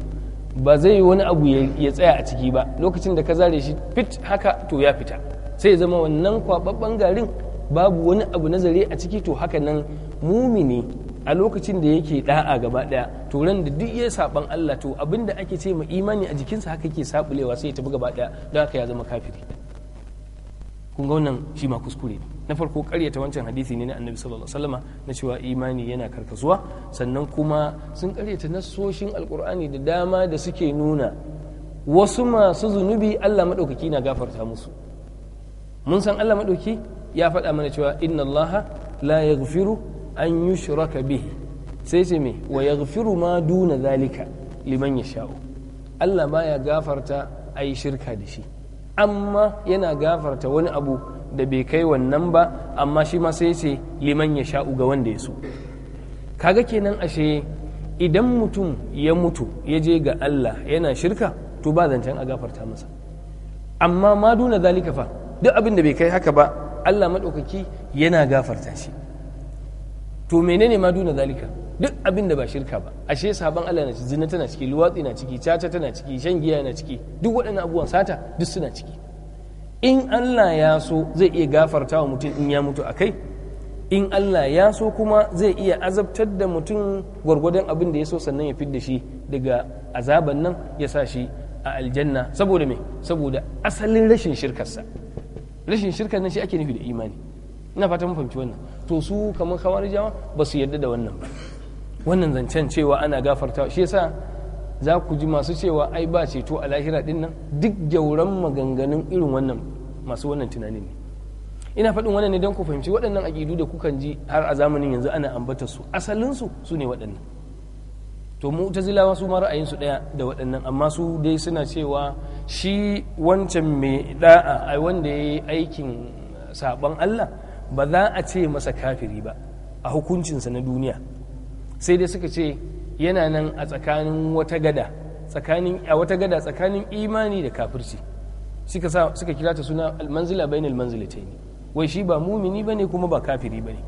ba zai yi wani abu ya tsaya a ciki ba lokacin da ka zare shi fit haka to ya fita sai zama wannan kwababban garin babu wani abu na zare a ciki to haka nan mumini a lokacin da yake da'a gaba daya to ran da duk ya saban Allah to abinda ake ce ma imani a jikinsa haka yake sabulewa sai ya tafi gaba daya don haka ya zama kafiri kun ga wannan shi ma kuskure ne na farko karyata wancan hadisi ne na annabi sallallahu alaihi wasallama na cewa imani yana karkasuwa sannan kuma sun karyata nasoshin alkur'ani da dama da suke nuna wasu masu zunubi Allah madaukaki na gafarta musu mun san Allah maɗauki ya faɗa mana cewa inna Allah la yaghfiru an yushraka bihi sai ce me wa yaghfiru ma duna zalika liman yasha'u Allah ya gafarta ai shirka da shi amma yana gafarta wani abu da bai kai wannan ba amma shi ma sai ce liman yasha'u ga wanda ya so kaga kenan ashe idan mutum ya mutu ya je ga Allah yana shirka to ba zancen a gafarta masa amma ma duna zalika fa duk abin da bai kai haka ba Allah maɗaukaki yana gafarta shi to menene ma duna zalika duk abin da ba shirka ba ashe sabon Allah na ciki zina tana ciki luwatsi na ciki caca tana ciki shan giya na ciki duk waɗannan abubuwan sata duk suna ciki in Allah ya so zai iya gafarta wa mutum in ya mutu akai? in Allah ya so kuma zai iya azabtar da mutum gwargwadon abin da ya so sannan ya fidda shi daga azaban nan ya sa shi a aljanna saboda me saboda asalin rashin shirkarsa rashin shirka nan shi ake nufi da imani ina fatan fahimci wannan to su kamar khawarijawa ba su yarda da wannan ba wannan zancen cewa ana gafarta shi yasa za ku ji masu cewa ai ba ceto a lahira din nan duk gyauran maganganun irin wannan masu wannan tunanin ne ina faɗin wannan ne don ku fahimci waɗannan aƙidu da kukan ji har a zamanin yanzu ana ambata su asalin su su ne waɗannan to mu ta mu'tazilawa su ma su ɗaya da waɗannan amma su dai suna cewa shi wancan mai da'a ai wanda ya yi aikin saɓon Allah ba za a ce masa kafiri ba a hukuncinsa na duniya sai dai suka ce yana nan a tsakanin wata gada tsakanin a wata gada tsakanin imani da kafirci suka sa suka kira ta suna almanzila bainal manzilataini wai shi ba mumini bane kuma ba kafiri bane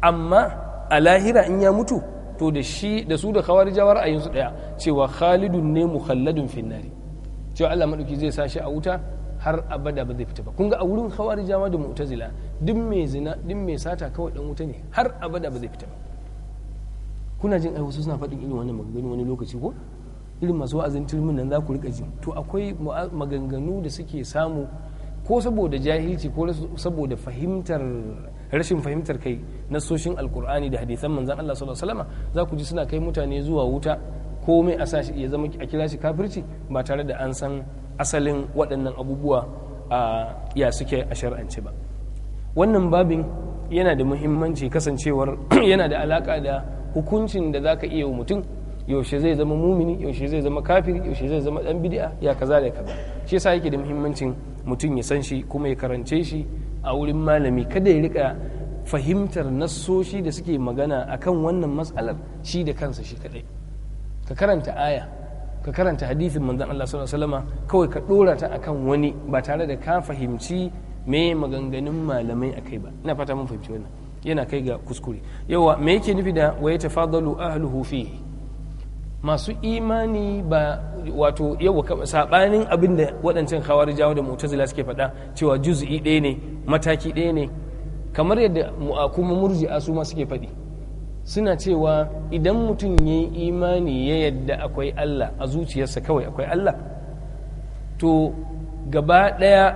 amma a lahira in ya mutu to da shi da su da khawarijawar ra'ayinsu daya cewa khalidun ne mukhalladun finari cewa Allah madauki zai sa shi a wuta har abada ba zai fita ba kun ga a wurin khawarijawa da mu'tazila duk mai zina duk mai sata kawai dan wuta ne har abada ba zai fita ba kuna jin ai wasu suna faɗin irin wannan maganganu wani lokaci ko irin masu wa'azin turmin nan za ku rika ji to akwai maganganu da suke samu ko saboda jahilci ko saboda fahimtar rashin fahimtar kai nasoshin alkur'ani da hadisan manzan Allah sallallahu alaihi wasallam za ku ji suna kai mutane zuwa wuta komai a sashi ya zama a kira shi kafirci ba tare da an san asalin waɗannan abubuwa ya suke a shar'ance ba wannan babin yana da muhimmanci kasancewar yana da alaka da hukuncin da zaka iya wa mutum yaushe zai zama mumini yaushe zai zama kafiri yaushe zai zama dan bid'a ya kaza da kaza shi yasa yake da muhimmancin mutum ya san shi kuma ya karance shi a wurin malami kada ya rika fahimtar nassoshi da suke magana a kan wannan matsalar shi da kansa shi kadai ka karanta aya ka karanta hadithin manzon Allah sallallahu alaihi wasallama kawai ka dora ta akan wani ba tare da ka fahimci me maganganun malamai akai ba ina fata mun fahimci wannan yana kai ga kuskure yawa me yake nufi da wa yatafadalu ahluhu fihi masu imani ba wato yau sabanin abin da waɗancan jawo da mu'tazila suke faɗa cewa juz'i ɗaya ne mataki ɗaya ne kamar yadda kuma murji'a su ma suke faɗi suna cewa idan mutum ya yi imani ya yadda akwai Allah a zuciyarsa kawai akwai Allah to gaba ɗaya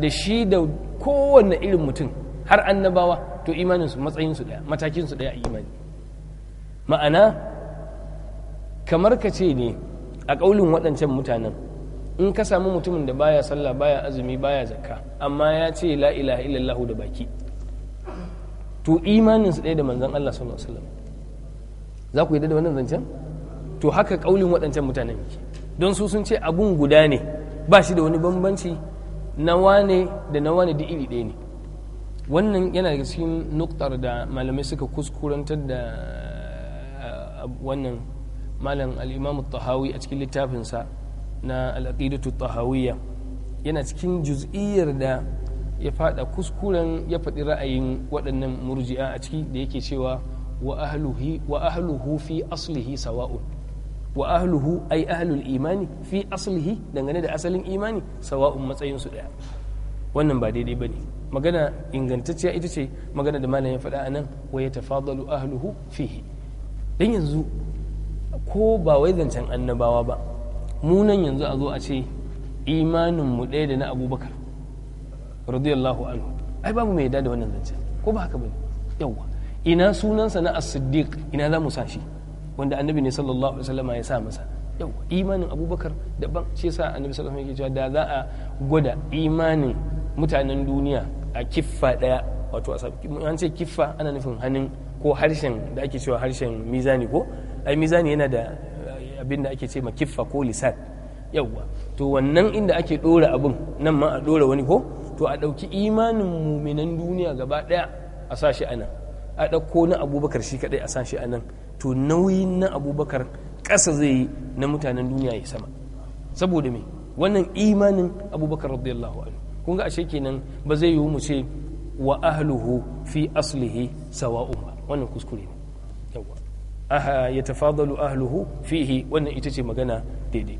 da shi da kowane irin mutum har annabawa to imaninsu matsayinsu ɗaya matakinsu ɗaya a imani ma'ana kamar ka ce ne a ƙaulin waɗancan mutanen in ka samu mutumin da baya sallah baya azumi baya zakka amma ya ce la ilaha illallah da baki to su ɗaya da manzon Allah sallallahu alaihi wasallam za ku yi da wannan zancen to haka ƙaulin waɗancan mutanen yake don su sun ce abun guda ne ba shi da wani bambanci na wane da na wane da iri ɗaya ne wannan yana daga cikin nuktar da malamai suka kuskurantar da eh, wannan malam al tahawi a cikin littafinsa na al-aqidatu tahawiyya yana cikin juz'iyyar da ya fada kuskuren ya faɗi ra'ayin waɗannan murji'a a ciki da yake cewa wa ahluhu fi aslihi sawa'un wa ahluhu ahlul imani fi aslihi dangane da asalin imani sawa'un matsayin su daya wannan ba daidai bane magana ingantacciya ita ce magana da malam ya faɗa anan wa yatafadalu ahluhu fihi dan yanzu ko ba wai zancen annabawa ba munan yanzu a zo a ce imanin mu ɗaya da na abubakar radiyallahu anhu ai babu mai da wannan zancen ko ba haka bane yawwa ina sunansa na as-siddiq ina za mu sa shi wanda annabi ne sallallahu alaihi wasallam ya sa masa yawwa imanin abubakar daban shi yasa annabi sallallahu alaihi wasallam yake cewa da za a gwada imanin mutanen duniya a kiffa daya wato a an ce kiffa ana nufin hannun ko harshen da ake cewa harshen mizani ko ai mizani yana da eh, abin da ake ce ma kiffa ko lisan yawwa to wannan inda ake dora abin nan ma a dora wani ko to a ɗauki imanin muminan duniya gaba ɗaya a sa shi a ɗauko na abubakar shi kaɗai a sa shi to nauyin na abubakar kasa zai na mutanen duniya ya sama saboda me wannan imanin abubakar radiyallahu anhu kun ga ashe kenan ba zai yiwu mu ce wa ahluhu fi aslihi sawa'un ba wannan kuskure ne ya tafadalu ahluhu fihi wannan ita ce magana daidai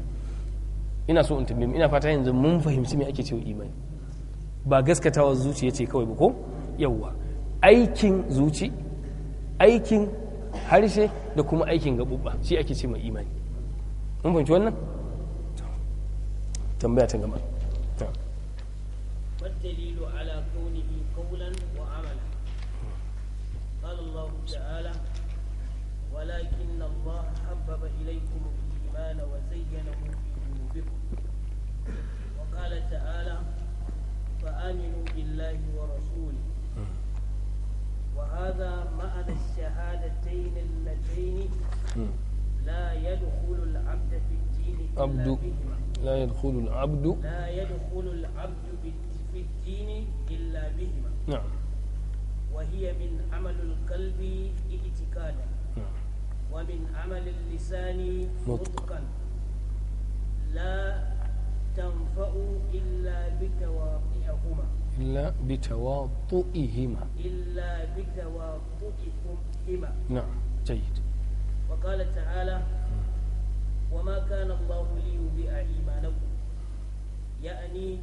ina so in tambaye ina fata yanzu mun fahimci me ake cewa imani ba gaskatawa zuciya ce kawai ba ko yawwa aikin zuci aikin harshe da kuma aikin gaɓuɓɓa shi ake ce mai imani mun fahimci wannan tambaya ta gama. ولكن الله حبب إليكم الإيمان وزينه في قلوبكم وقال تعالى فآمنوا بالله ورسوله وهذا معنى الشهادتين اللتين لا يدخل العبد في الدين عبد لا يدخل العبد لا يدخل العبد في الدين إلا بهما نعم وهي من عمل القلب اعتقادا ومن عمل اللسان نطقا لا تنفع إلا بتواطئهما إلا بتواطئهما إلا بتواطئهما نعم جيد وقال تعالى وما كان الله ليضيع إيمانكم يعني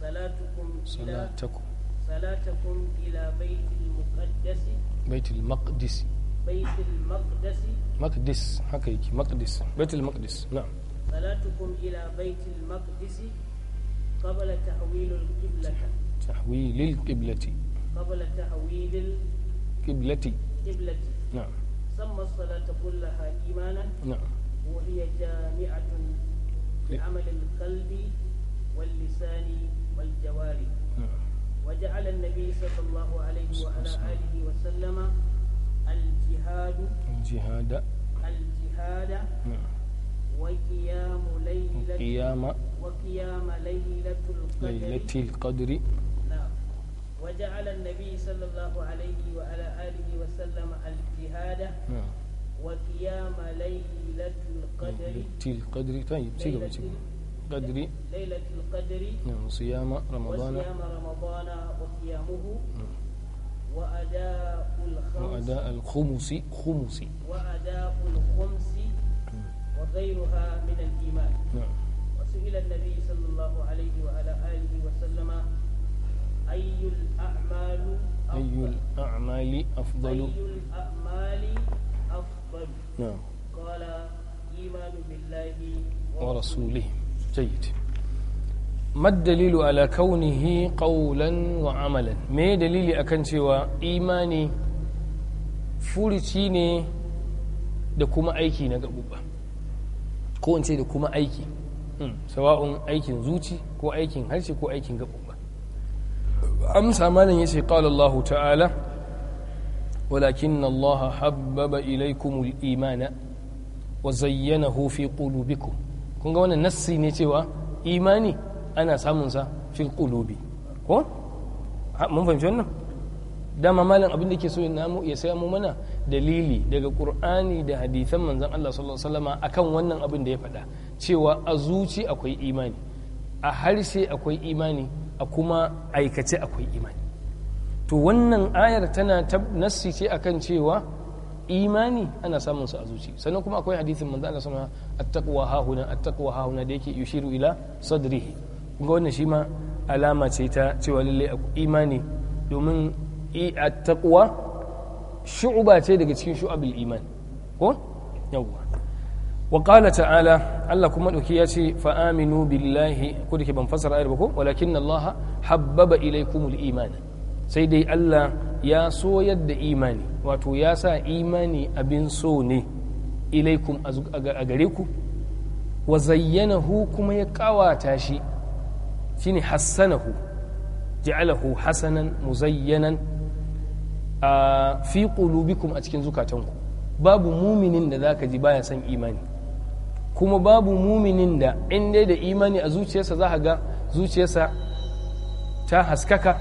صلاتكم صلاتكم صلاتكم إلى بيت المقدس بيت المقدس بيت المقدس مقدس حقيقي مقدس بيت المقدس نعم صلاتكم إلى بيت المقدس قبل تحويل القبلة تحويل القبلة قبل تحويل القبلة قبلة نعم سمى الصلاة كلها إيمانا نعم وهي جامعة لعمل إيه. القلب واللسان والجوارح نعم وجعل النبي صلى الله عليه وعلى آله وسلم الجهاد الجهاد الجهاد نعم وقيام ليلة قيام وقيام ليلة القدر ليلة القدر نعم وجعل النبي صلى الله عليه وعلى آله وسلم الجهاد نعم وقيام ليلة القدر ليلة القدر طيب سيدي قدر ليلة القدر نعم صيام رمضان وصيام رمضان وقيامه نعم وأداء الخمس وأداء الخمس خمس وأداء الخمس وغيرها من الإيمان نعم وسئل النبي صلى الله عليه وعلى آله وسلم أي الأعمال أفضل أي الأعمال أفضل أي الأعمال أفضل نعم قال إيمان بالله ورسوله, ورسوله. جيد maddalilu ala kaunihi wa amalan me dalili akan cewa imani furici ne da kuma aiki na gaɓuɓɓa ko in ce da kuma aiki sawa'un aikin zuci ko aikin harshe ko aikin gaɓuɓɓa amsa malin ya ce ƙalallahu ta'ala walakin Allah habbaba ilaikumul imana wa zayyanahu fi qulubikum kun ga wannan nassi ne cewa imani ana samun sa fil qulubi ko mun fahimci wannan dama malam abin da ke so namu ya saya mu mana dalili daga qur'ani da hadisan manzon Allah sallallahu alaihi wasallam akan wannan abin da ya faɗa cewa a zuci akwai imani a harshe akwai imani a kuma aikace akwai imani to wannan ayar tana nassi ce akan cewa imani ana samun sa a zuci sannan kuma akwai hadisin manzo Allah sallallahu alaihi wasallam at-taqwa hahuna at-taqwa hahuna da yake yushiru ila sadrihi ga wannan shi ma alama ce ta cewa lallai imani domin taqwa shu'ba ce daga cikin shu'abil iman ko yawwa wa qala ta'ala Allah kuma dauki ya ce fa aminu billahi ko dake ban fasara ayar ba ko walakin Allah habbaba ilaykumul iman sai dai Allah ya so yadda imani wato ya sa imani abin so ne ilaikum a gare ku wa zayyanahu kuma ya kawata shi shine hassanahu ja'alahu hasanan muzayyanan fi qulubikum a cikin zukatanku babu muminin da zaka ji baya son imani kuma babu muminin da inda dai da imani a zuciyarsa za ga zuciyarsa ta haskaka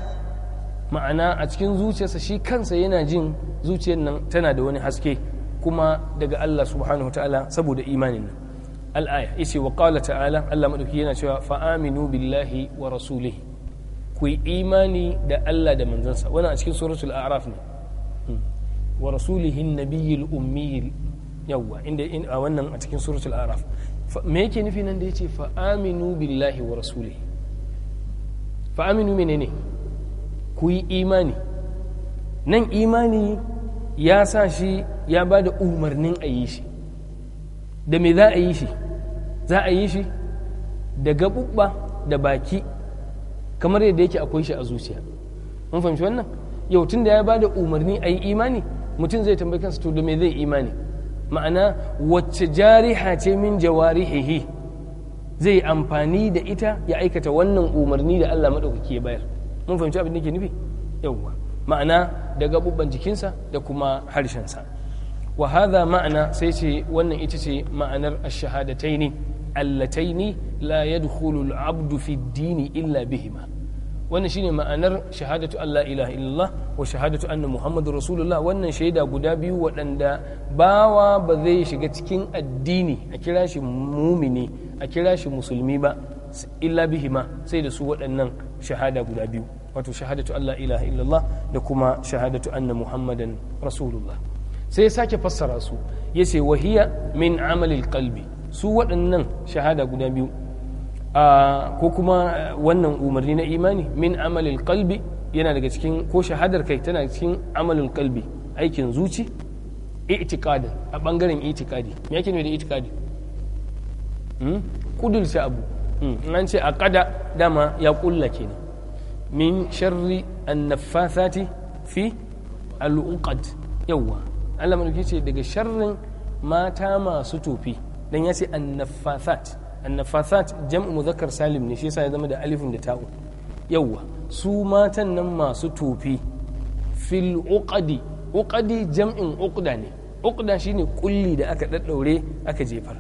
ma'ana a cikin zuciyarsa shi kansa yana jin zuciyar nan tana da wani haske kuma daga Allah subhanahu ta'ala saboda imanin nan al'aya yace wa qala ta'ala Allah madauki yana cewa fa billahi wa rasulihi ku imani da Allah da manzansa wannan a cikin suratul a'raf ne hmm. wa rasulihin nabiyil ummi yawwa a wannan a cikin suratul a'raf me yake nufi nan da yace fa aminu billahi wa rasulihi fa imani nan imani ya sa shi ya ba da umarnin a yi shi da me za a yi shi za a yi shi da gaɓuɓɓa da baki kamar yadda yake akwai shi a zuciya mun fahimci wannan yau tun da ya ba da umarni a yi imani mutum zai tambayi kansa to da me zai imani ma'ana wacce jariha ce min jawarihihi zai amfani da ita ya aikata wannan umarni da Allah maɗaukaki ya bayar mun fahimci abin da ke nufi yawwa ma'ana da gaɓuɓɓan jikinsa da kuma harshensa wa hadha ma'ana sai ce wannan ita ce ma'anar ash-shahadataini allataini la yadkhulu al-abdu fi ad-din illa bihima wannan shine ma'anar shahadatu Allah ilaha illallah wa shahadatu anna muhammadur rasulullah wannan shaida guda biyu waɗanda bawa ba zai shiga cikin addini a kira shi mumini a kira shi musulmi ba illa bihima sai da su waɗannan shahada guda biyu wato shahadatu Allah ilaha illallah da kuma shahadatu anna muhammadan rasulullah sai ya sake fassara su ya ce wahiya min amalil kalbi su waɗannan shahada guda biyu ko kuma eh, wannan umarni na imani min amalil kalbi yana daga cikin ko shahadar kai tana cikin amalin kalbi aikin zuci itikadin a bangaren itikadi me yake da itikadi hmm? kudulsa abu hmm, an ce a kada dama ya kulla kenan min sharri an fi al-uqad yawwa Allah madauki ce daga sharrin mata masu tofi dan ya ce annafasat annafasat jam'u muzakkar salim ne shi yasa ya zama da alifin da ta'u yawwa su matan nan masu tofi fil uqadi uqadi jam'in uqda ne uqda shine kulli da aka daddaure aka jefar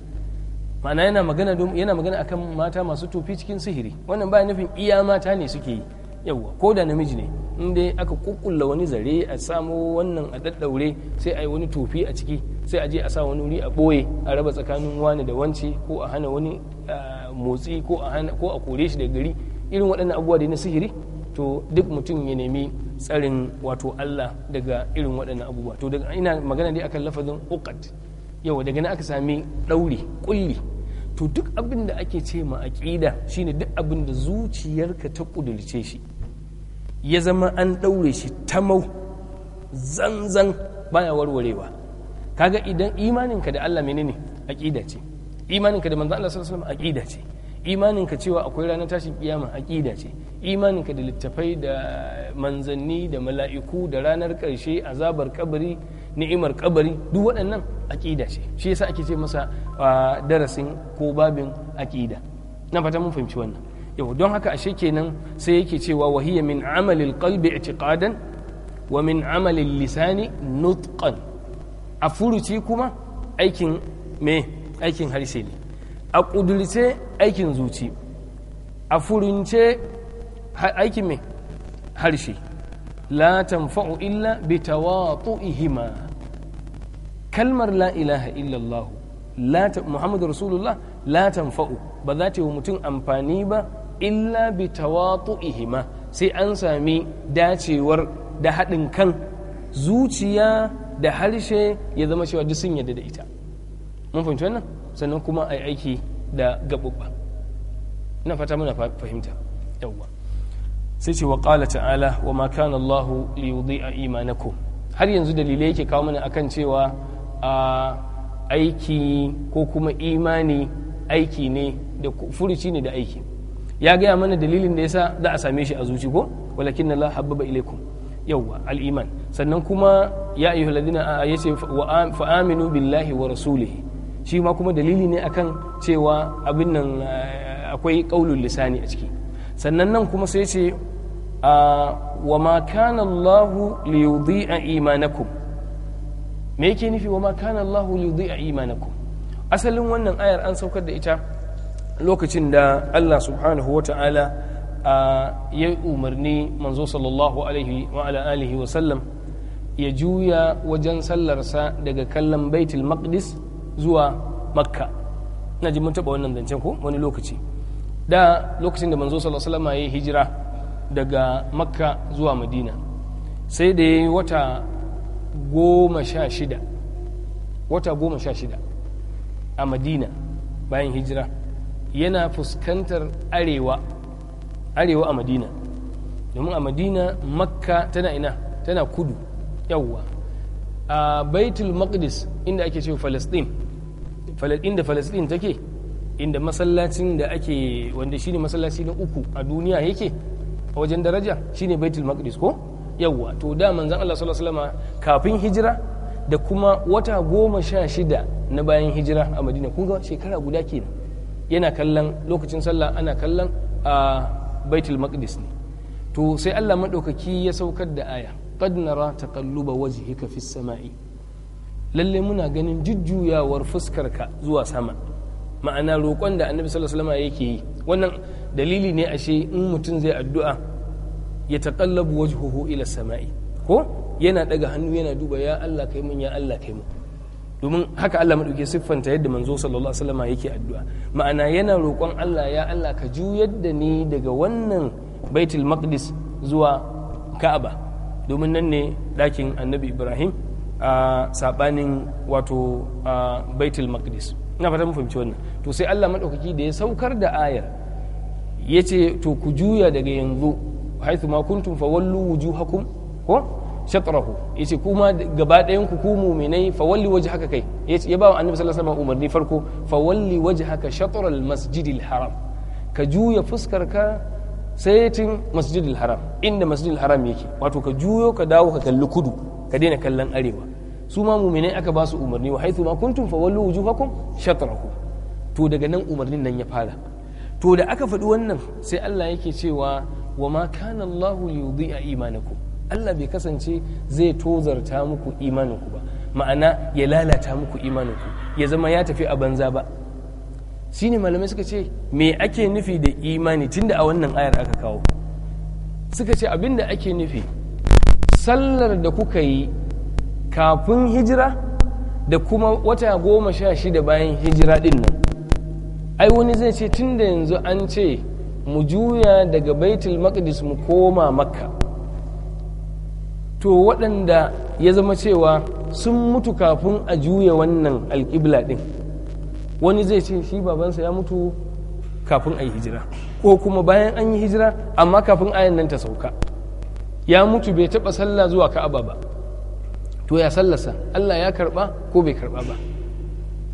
ma'ana yana magana yana magana akan mata masu tofi cikin sihiri wannan ba nufin iya mata ne suke yi yawwa ko da namiji ne in dai aka kukkulla wani zare a samo wannan a daddaure sai a yi wani tofi a ciki sai a je a sa wani wuri a ɓoye a raba tsakanin wani da wanci ko a hana wani motsi ko a kore shi da gari irin waɗannan abubuwa da na sihiri to duk mutum ya nemi tsarin wato Allah daga irin waɗannan abubuwa to daga ina magana dai akan lafazin uqad yawa daga na aka sami ɗauri kulli to duk abin da ake ce ma aqida shine duk abin da zuciyarka ta kudulce shi ya zama an ɗaure shi tamau zanzan baya warwarewa kaga idan imaninka da Allah menene aqida ce imaninka da manzo Allah sallallahu alaihi wasallam ce imaninka cewa akwai ranar tashin kiyama aqida ce imaninka da littafai da manzanni da mala'iku da ranar karshe azabar kabari ni'imar kabari duk waɗannan aqida ce shi yasa ake ce masa darasin ko babin aqida na fata mun fahimci wannan yau don haka ashe kenan sai yake cewa wahiya min amalil qalbi i'tiqadan wa min amalil lisani nutqan a furuci kuma aikin me aikin harshe ne a kudurce aikin zuci a furunce aikin me harshe la tanfa'u illa bi tawatu'ihima kalmar la ilaha illallah la muhammadu rasulullah la tanfa'u ba za ta yi wa mutum amfani ba illa bi tawatu'ihima sai an sami dacewar da haɗin kan zuciya da harshe ya zama cewa duk sun yadda da ita mun fahimci wannan sannan kuma a aiki da gaɓuɓɓa ina fata muna fahimta yawwa sai ce wa ƙala ta'ala wa ma kana Allah li yudhi'a imanakum har yanzu dalilai yake kawo mana akan cewa a aiki ko kuma imani aiki ne da furuci ne da aiki ya gaya mana dalilin da ya sa za a same shi a zuci ko walakin Allah habbaba ilaikum yawwa al-iman sannan kuma ya ayyuhal a yace fa aminu billahi wa rasulihi shi ma kuma dalili ne akan cewa abin nan akwai qaulul lisani a ciki sannan nan kuma sai ce wa ma kana Allah li yudhi'a imanakum me yake nufi wa ma kana Allah li yudhi'a imanakum asalin wannan ayar an saukar da ita lokacin da Allah subhanahu wata'ala ya umarni manzo sallallahu alaihi wa alihi wa sallam ya juya wajen sallarsa daga kallon baitul maqdis zuwa makka ina ji mun taɓa wannan zancen ko wani lokaci da lokacin da manzo sallallahu alaihi wa sallam ya yi hijira daga makka zuwa madina sai da ya yi wata goma sha shida wata goma sha shida a madina bayan hijira yana fuskantar arewa arewa a madina domin a madina makka tana ina tana kudu yawwa a baitul maqdis inda ake ce falastin inda falastin take inda masallacin da ake wanda shine masallaci na uku a duniya yake a wajen daraja shine baitul maqdis ko yawwa to da manzon Allah sallallahu alaihi wasallam kafin hijira da kuma wata goma sha shida na bayan hijira a madina kun ga shekara guda kenan yana kallon lokacin sallah ana kallon a baitul maqdis ne to sai Allah maɗaukaki ya saukar da aya qad nara taqalluba wajhika fis sama'i lalle muna ganin jujjuyawar fuskar ka zuwa sama ma'ana roƙon da annabi sallallahu alaihi wasallam yake yi wannan dalili ne ashe in mutum zai addu'a ya taqallabu wajhuhu ila sama'i ko yana daga hannu yana duba ya Allah kai mun ya Allah kai mun domin haka Allah maɗauke siffanta yadda manzo sallallahu alaihi wasallam yake addu'a ma'ana yana roƙon Allah ya Allah ka juyar da ni daga wannan baitul maqdis zuwa ka'aba domin nan ne ɗakin annabi ibrahim a saɓanin wato baitul maqdis ina fata mu fahimci wannan to sai Allah maɗaukaki da ya saukar da ayar ya ce to ku juya daga yanzu haithu ma kuntum fawallu wujuhakum ko shatrahu yace kuma gaba ɗayan ku ku mu'minai fa walli haka kai yace ya bawa annabi sallallahu alaihi wasallam umarni farko fa walli waje haka al masjidil haram ka juya fuskar ka saitin masjidil haram inda masjidil haram yake wato ka juyo ka dawo ka kalli kudu ka daina kallon arewa su ma mu'minai aka ba su umarni wa haithu ma kuntum fa wallu wujuhakum shatrahu to daga nan umarnin nan ya fara to da aka faɗi wannan sai Allah yake cewa wa ma kana Allahu liyudhi'a imanakum Allah bai kasance zai tozarta muku imaninku ba ma'ana ya lalata muku imaninku ya zama ya tafi a banza ba Shi ne malamai suka ce me ake nufi da imani tunda a wannan ayar aka kawo suka ce abin da ake nufi sallar da kuka yi kafin hijira da kuma wata goma sha shida bayan hijira din nan ai wani zai ce tunda yanzu an ce mu juya daga baitul maqdis mu koma makka to waɗanda ya zama cewa sun mutu kafin a juya wannan alƙibla ɗin wani zai ce shi babansa ya mutu kafin a yi hijira ko kuma bayan an yi hijira amma kafin ayan nan ta sauka ya mutu bai taɓa sallah zuwa ka'aba ba to ya sallasa allah ya karɓa ko bai karɓa ba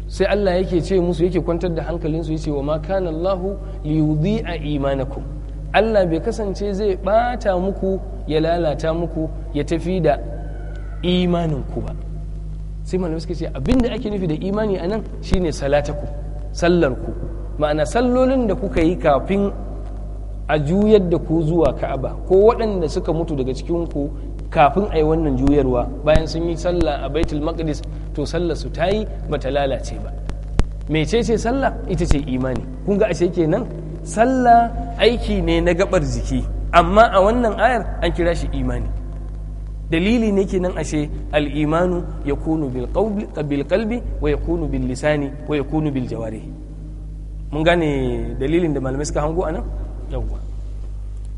sai allah yake ce musu yake kwantar da hankalinsu ya ce wa ma kana allahu a imanakum allah bai kasance zai ɓata muku ya lalata muku ya tafi da imaninku ba sai malamai suka ce abinda ake nufi da imani a nan shine salataku sallarku ma'ana sallolin da kuka yi kafin a juyar da ku zuwa ka'aba ko waɗanda suka mutu daga cikinku kafin a yi wannan juyarwa bayan sun yi sallah a baitul maqdis to sallar su ta yi ta lalace ba ce sallah ita ce imani kun ga ashe kenan sallah aiki ne na gabar jiki amma a wannan ayar an kira shi imani dalili ne kenan ashe al'imanu ya kunu bil kalbi wa ya kunu bil lisani wa ya kunu bil jawari mun gane dalilin da malamai suka hango anan yawwa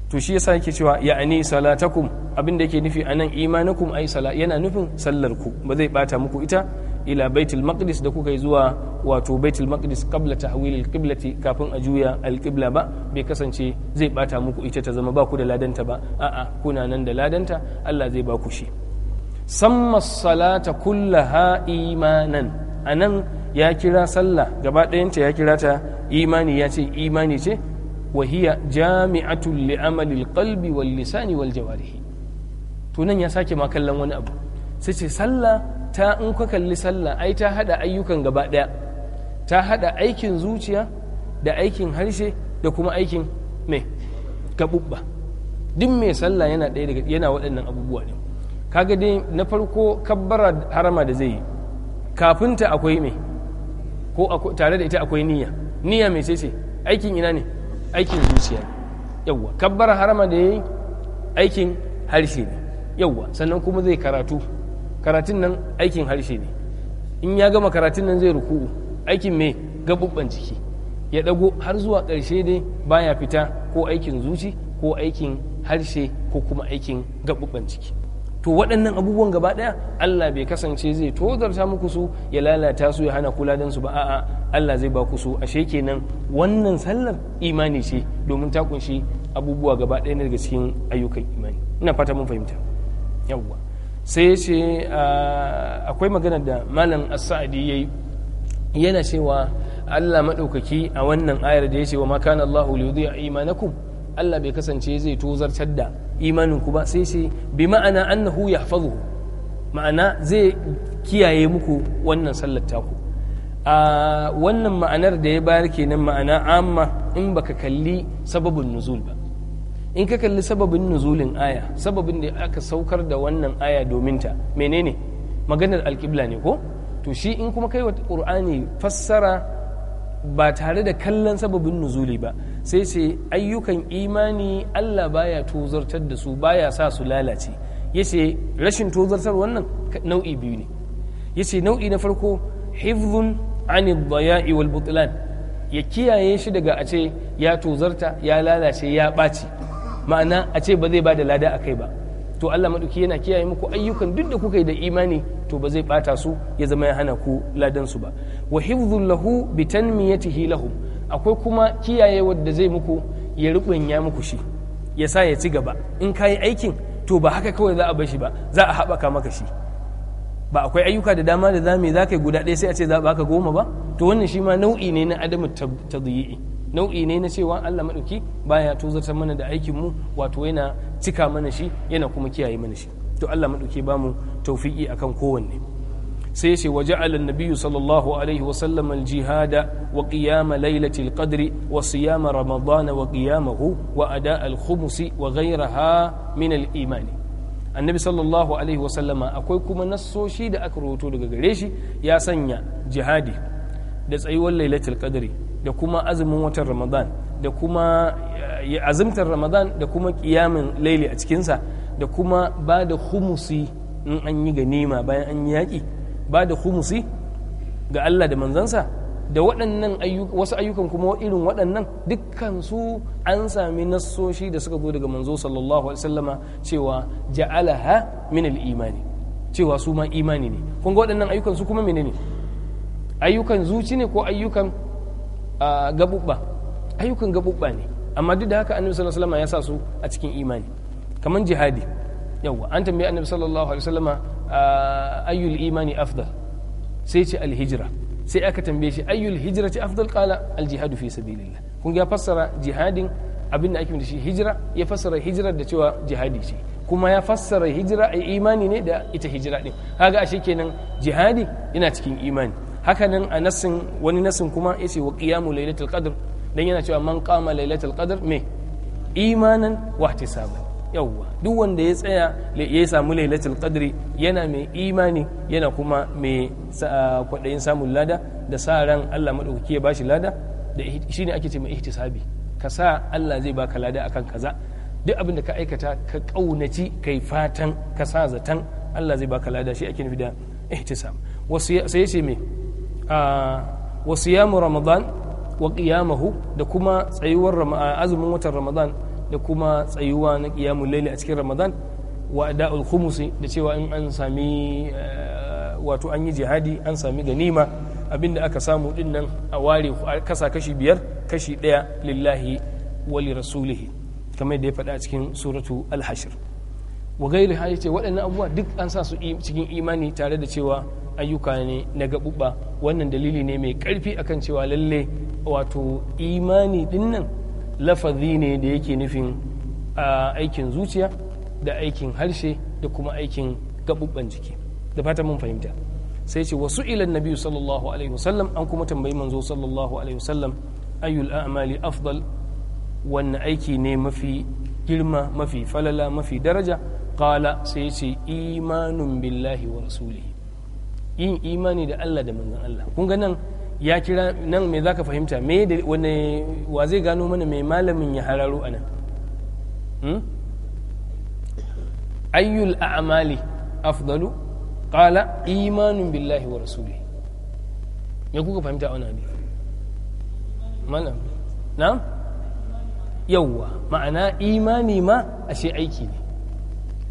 to shi yasa yake cewa ya'ani salatakum abin da yake nufi anan imanakum ai sala yana nufin sallar ku ba zai bata muku ita ila baitul maqdis da kuka yi zuwa wato baitul maqdis qabla tahwil qiblati kafin a juya alqibla ba bai kasance zai bata muku ita ta zama ba ku da ladanta ba a'a kuna nan da ladanta Allah zai ba ku shi samma salata kullaha imanan anan ya kira sallah gaba ɗayanta ya kira ta imani ya ce imani ce وهي جامعة لعمل القلب واللسان والجوارح to nan ya sake ma kallon wani abu sai ce sallah ta in ka kalli sallah ai ta hada ayyukan gaba daya ta hada aikin zuciya da aikin harshe da kuma aikin mai gabubba duk mai sallah yana ɗaya daga yana waɗannan abubuwa ne kaga dai na farko kabbara harama da zai yi kafinta akwai me ko tare da ita akwai niyya niyya mai sai aikin ina ne aikin zuciya yawwa kabbara harama da yayi aikin harshe ne yawwa sannan kuma zai karatu karatun nan aikin harshe ne in ya gama karatun nan zai ruku aikin mai gabubban jiki ya dago har zuwa ƙarshe ne baya fita ko aikin zuci ko aikin harshe ko kuma aikin gabubban ciki to waɗannan abubuwan gaba ɗaya Allah bai kasance zai tozarta muku su ya lalata su ya hana kula dan su ba a'a Allah zai ba ku su ashe kenan wannan sallar imani ce domin ta kunshi abubuwa gaba ɗaya daga cikin ayyukan imani ina fata mun fahimta yawwa sai ya ce ah, akwai magana da malam as-sa'di yayi yana cewa Allah maɗaukaki a wannan ayar da ya ce wa ma kana Allahu li yudhi'a imanakum Allah bai kasance zai tozartar da imaninku ba sai ce bi ma'ana annahu yahfazuhu ma'ana zai kiyaye muku wannan sallar taku a ah, wannan ma'anar da ya bayar kenan ma'ana amma in baka kalli sababin nuzul ba in ka kalli sababin nuzulin aya sababin da aka saukar da wannan aya domin ta menene maganar alƙibla ne ko to shi in kuma kai wata ƙur'ani fassara ba tare da kallon sababin nuzuli ba sai sai ayyukan imani Allah baya tozartar da su baya sa su lalace yace rashin tozartar wannan nau'i biyu ne yace nau'i na farko hifzun anid daya'i wal butlan ya kiyaye shi daga a ce ya tozarta ya lalace ya ɓaci ma'ana a ce ba zai ba da lada a kai ba to Allah maɗauki yana kiyaye muku ayyukan duk da kuka yi da imani to ba zai ɓata su ya zama ya hana ku ladan su ba wa hifzun lahu bi tanmiyatihi lahum akwai kuma kiyaye wanda zai muku ya ya muku shi ya sa ya ci gaba in kayi aikin to ba haka kawai za a bar shi ba za a haɓaka maka shi ba akwai ayyuka da dama da za mu yi za ka yi guda ɗaya sai a ce za a baka goma ba to wannan shi ma nau'i ne na adamu tadyi'i nau'i ne na cewa Allah maɗauki baya tozartar mana da aikin mu wato yana cika mana shi yana kuma kiyaye mana shi to Allah maɗauki ba mu tawfiki akan kowanne sai ce wa ja'ala an sallallahu alaihi wa sallam al-jihada wa qiyam lailatil qadri wa siyam ramadan wa qiyamahu wa ada al-khums wa ghayraha min al-iman annabi sallallahu alaihi wa sallama akwai kuma nassoshi da aka rawato daga gare shi ya sanya jihadi da tsayuwar lailatul qadri da kuma azumin watan ramadan da kuma eh, azumtar ramadan da kuma kiyamin laili a cikinsa da kuma ba da humusi in an yi ganima bayan an yi yaƙi ba da humusi ga allah da manzansa da waɗannan wasu ayyukan kuma irin waɗannan dukkan su an sami nassoshi da suka zo daga manzo sallallahu alaihi wasallama cewa ja'alaha min al-imani cewa su ma imani ne kun ga waɗannan ayyukan su kuma menene ne ayyukan zuci ne ko ayyukan gabubba ayyukan gabubba ne amma duk da haka annabi sallallahu alaihi wasallam ya sa su a cikin imani kaman jihadi yawa an tambaye annabi sallallahu alaihi wasallam ayyul imani afdal sai ce alhijra sai aka tambaye shi ayyul hijrati afdal qala aljihadu fi sabilillah kun ga fassara jihadin abin da ake da shi hijira ya fassara hijirar da cewa jihadi ce kuma ya fassara hijira a imani ne da ita hijira din kaga ashe kenan jihadi yana cikin imani hakanan a nasin wani nasin kuma yace wa qiyamu lailatul qadr dan yana cewa man qama lailatul qadr me imanan wa ihtisaban yawwa duk wanda ya tsaya ya samu lailatul qadri yana mai imani yana kuma mai kwaɗayin samun lada da sa ran Allah madaukaki ya bashi lada da shine ake ce mai ihtisabi ka sa Allah zai baka lada akan kaza duk abin da ka aikata ka kaunaci kai fatan ka sa zatan Allah zai baka lada shi ake nufi da ihtisab wasu sai ya ce me wa siyamu ramadan wa qiyamahu da kuma tsayuwar azumin watan ramadan da kuma tsayuwa na qiyamul layli a cikin ramadan wa da'ul khumusi da cewa in an sami e, wato an yi jihadi an sami ganima abinda aka samu din nan a ware kasa kashi biyar kashi daya lillahi wa li kamar da ya faɗa a cikin suratu al-hashr wa gairi ha yace waɗannan abubuwa duk an sa su cikin imani tare da cewa ayyuka ne na gaɓuɓɓa wannan dalili ne mai ƙarfi akan cewa lalle wato imani dinnan lafazi ne da yake nufin aikin zuciya da aikin harshe da kuma aikin gaɓuɓɓan jiki da fata mun fahimta sai ce wasu ilan nabi sallallahu alaihi wasallam an kuma tambayi manzo sallallahu alaihi wasallam ayyul a'mali afdal wannan aiki ne mafi girma mafi falala mafi daraja qala sai ce imanun billahi wa rasuli yin imani da Allah da manzon Allah kun ga nan ya kira nan me zaka fahimta me da wani wa zai gano mana me malamin ya hararo anan hmm? ayyul a'mali afdalu qala imanun billahi wa rasuli me kuka fahimta a wannan malam na yawwa ma'ana imani ma ashe aiki ne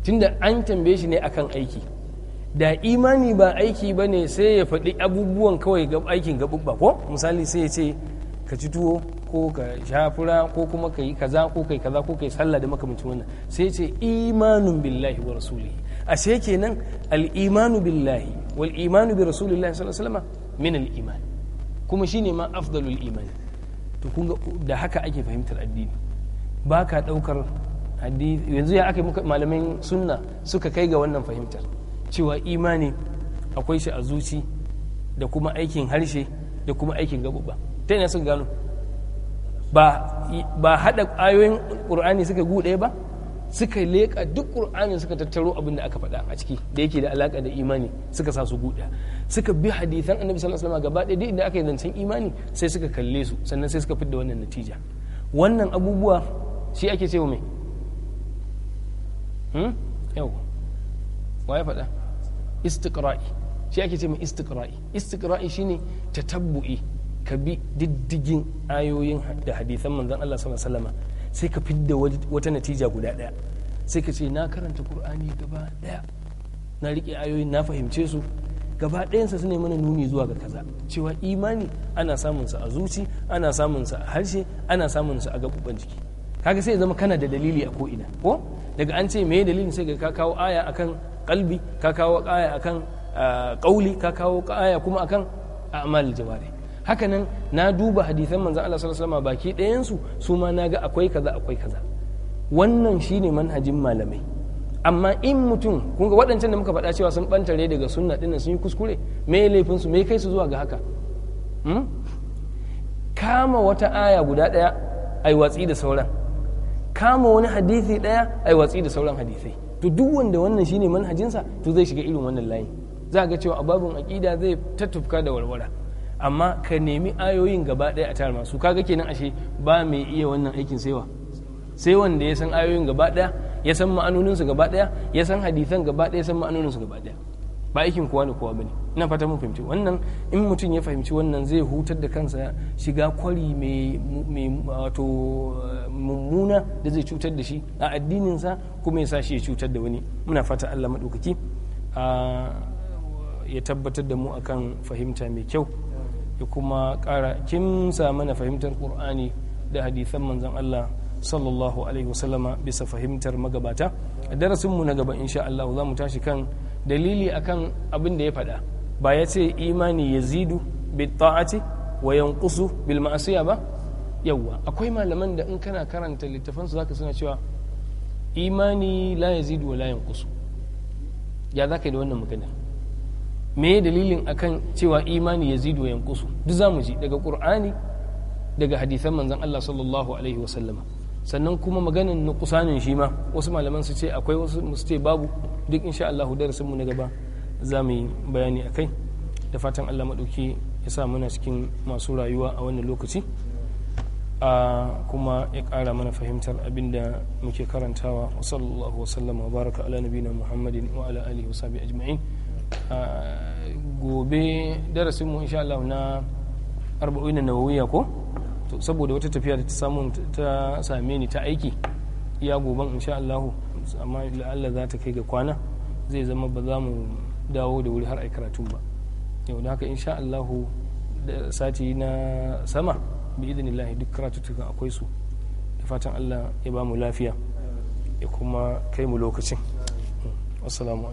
tunda an tambaye shi ne akan aiki da imani ba aiki ba ne sai ya faɗi abubuwan kawai aikin gaɓuɓɓa ko misali sai ya ce ka ci tuwo ko ka sha ko kuma ka yi kaza ko kai kaza ko kai sallah da makamancin wannan sai ce imanun billahi wa A sai kenan al-imanu billahi wal imanu bi rasulillahi sallallahu alaihi wasallam min al-iman kuma shine ma afdalul iman to kun da haka ake fahimtar addini baka daukar yanzu ya aka malamin sunna suka kai ga wannan fahimtar cewa imani akwai shi a zuci da kuma aikin harshe da kuma aikin gabuba ta ina sun gano ba haɗa ayoyin ƙur'ani suka guɗe ba suka leƙa duk ƙur'ani suka tattaro abin da aka faɗa a ciki da yake da alaƙa da imani suka sa su guɗa suka bi hadithan annabi sallallahu alaihi wasallam gaba ɗaya inda aka yi zancen imani sai suka kalle su sannan sai suka fidda wannan natija wannan abubuwa shi ake cewa mai Hmm? yau wa ya faɗa istiqra'i shi ake ce mai shi ne shine tatabbu'i ka bi diddigin ayoyin da hadisan manzan Allah sallallahu alaihi sai ka fidda wata natija guda daya sai ka ce na karanta qur'ani gaba daya na rike ayoyin na fahimce su gaba ɗayansa su ne mana nuni zuwa ga kaza cewa imani ana samun sa a zuci ana samun a harshe ana samun a gaɓuɓɓen jiki kaga sai ya zama kana da dalili a ko'ina ko daga an ce meye dalilin sai ka kawo aya akan kalbi ka kawo aya akan kauli ah, ka kawo aya kuma akan a'mal jawari hakanan na duba hadisan manzon Allah sallallahu alaihi wasallam baki ɗayan su su ma naga akwai kaza akwai kaza wannan shine manhajin malamai amma in mutum kun waɗancan da muka faɗa cewa sun bantare daga sunna ɗin sun yi kuskure me laifin su me kai su zuwa ga haka hmm? kama wata aya guda ɗaya ai watsi da sauran kama wani hadisi ɗaya ai watsi da sauran hadisai to duk wanda wannan shine manhajinsa to zai shiga irin wannan layi za ga cewa ababun aƙida zai tufka da warwara amma ka nemi ayoyin gaba ɗaya a tarma su kaga kenan ashe ba mai iya wannan aikin saiwa sai wanda ya san ayoyin gaba ɗaya ya san ma'anoninsu gaba ɗaya ya san hadisan gaba ɗaya ya san ma'anoninsu gaba ɗaya ba aikin kowa ne kowa bane ina fata mun fahimci wannan in mutum ya fahimci wannan zai hutar da kansa shiga kwari mai wato mummuna da zai cutar da shi a addininsa kuma ya sa shi ya cutar da wani muna fata allah maɗaukaki ya tabbatar da mu akan fahimta mai kyau ya kuma ƙara kimsa mana fahimtar ƙur'ani da hadisan manzon allah sallallahu alaihi wasallama bisa fahimtar magabata a darasinmu na gaba insha allah za mu tashi kan dalili akan abin da ya faɗa ba ya ce imani ya zidu bitta'ati wa yanqusu bil ma'asiya ba yawa akwai malaman da in kana karanta littafan za zaka suna cewa imani la yazidu wa la yanqusu ya zaka yi da wannan magana me dalilin akan cewa imani yazidu wa yanqusu duk zamu ji daga qur'ani daga hadisan manzan Allah sallallahu alaihi wa sallama sannan kuma maganan nuqsanin shi ma wasu malaman su ce akwai wasu su ce babu duk insha Allah darasin mu na gaba za mu yi bayani a kai da fatan allah maɗauki ya sa muna cikin masu rayuwa a wannan lokaci a kuma ya ƙara mana fahimtar abin da muke karantawa wa sallallahu wasallama wa baraka ala nabina muhammadin wa ala alihi wa sahbihi ajma'in gobe darasin mu insha Allah na arba'in nawawiya ko to saboda wata tafiya da ta samu ta same ni ta aiki iya goban insha Allah amma la'alla za ta kai ga kwana zai zama ba za mu dawo da wuri har ai karatun ba yau da haka in sha Allahu sati na sama bi idinillahi duk karatuttukan akwai su da fatan Allah ya ba mu lafiya ya kuma kai mu lokacin assalamu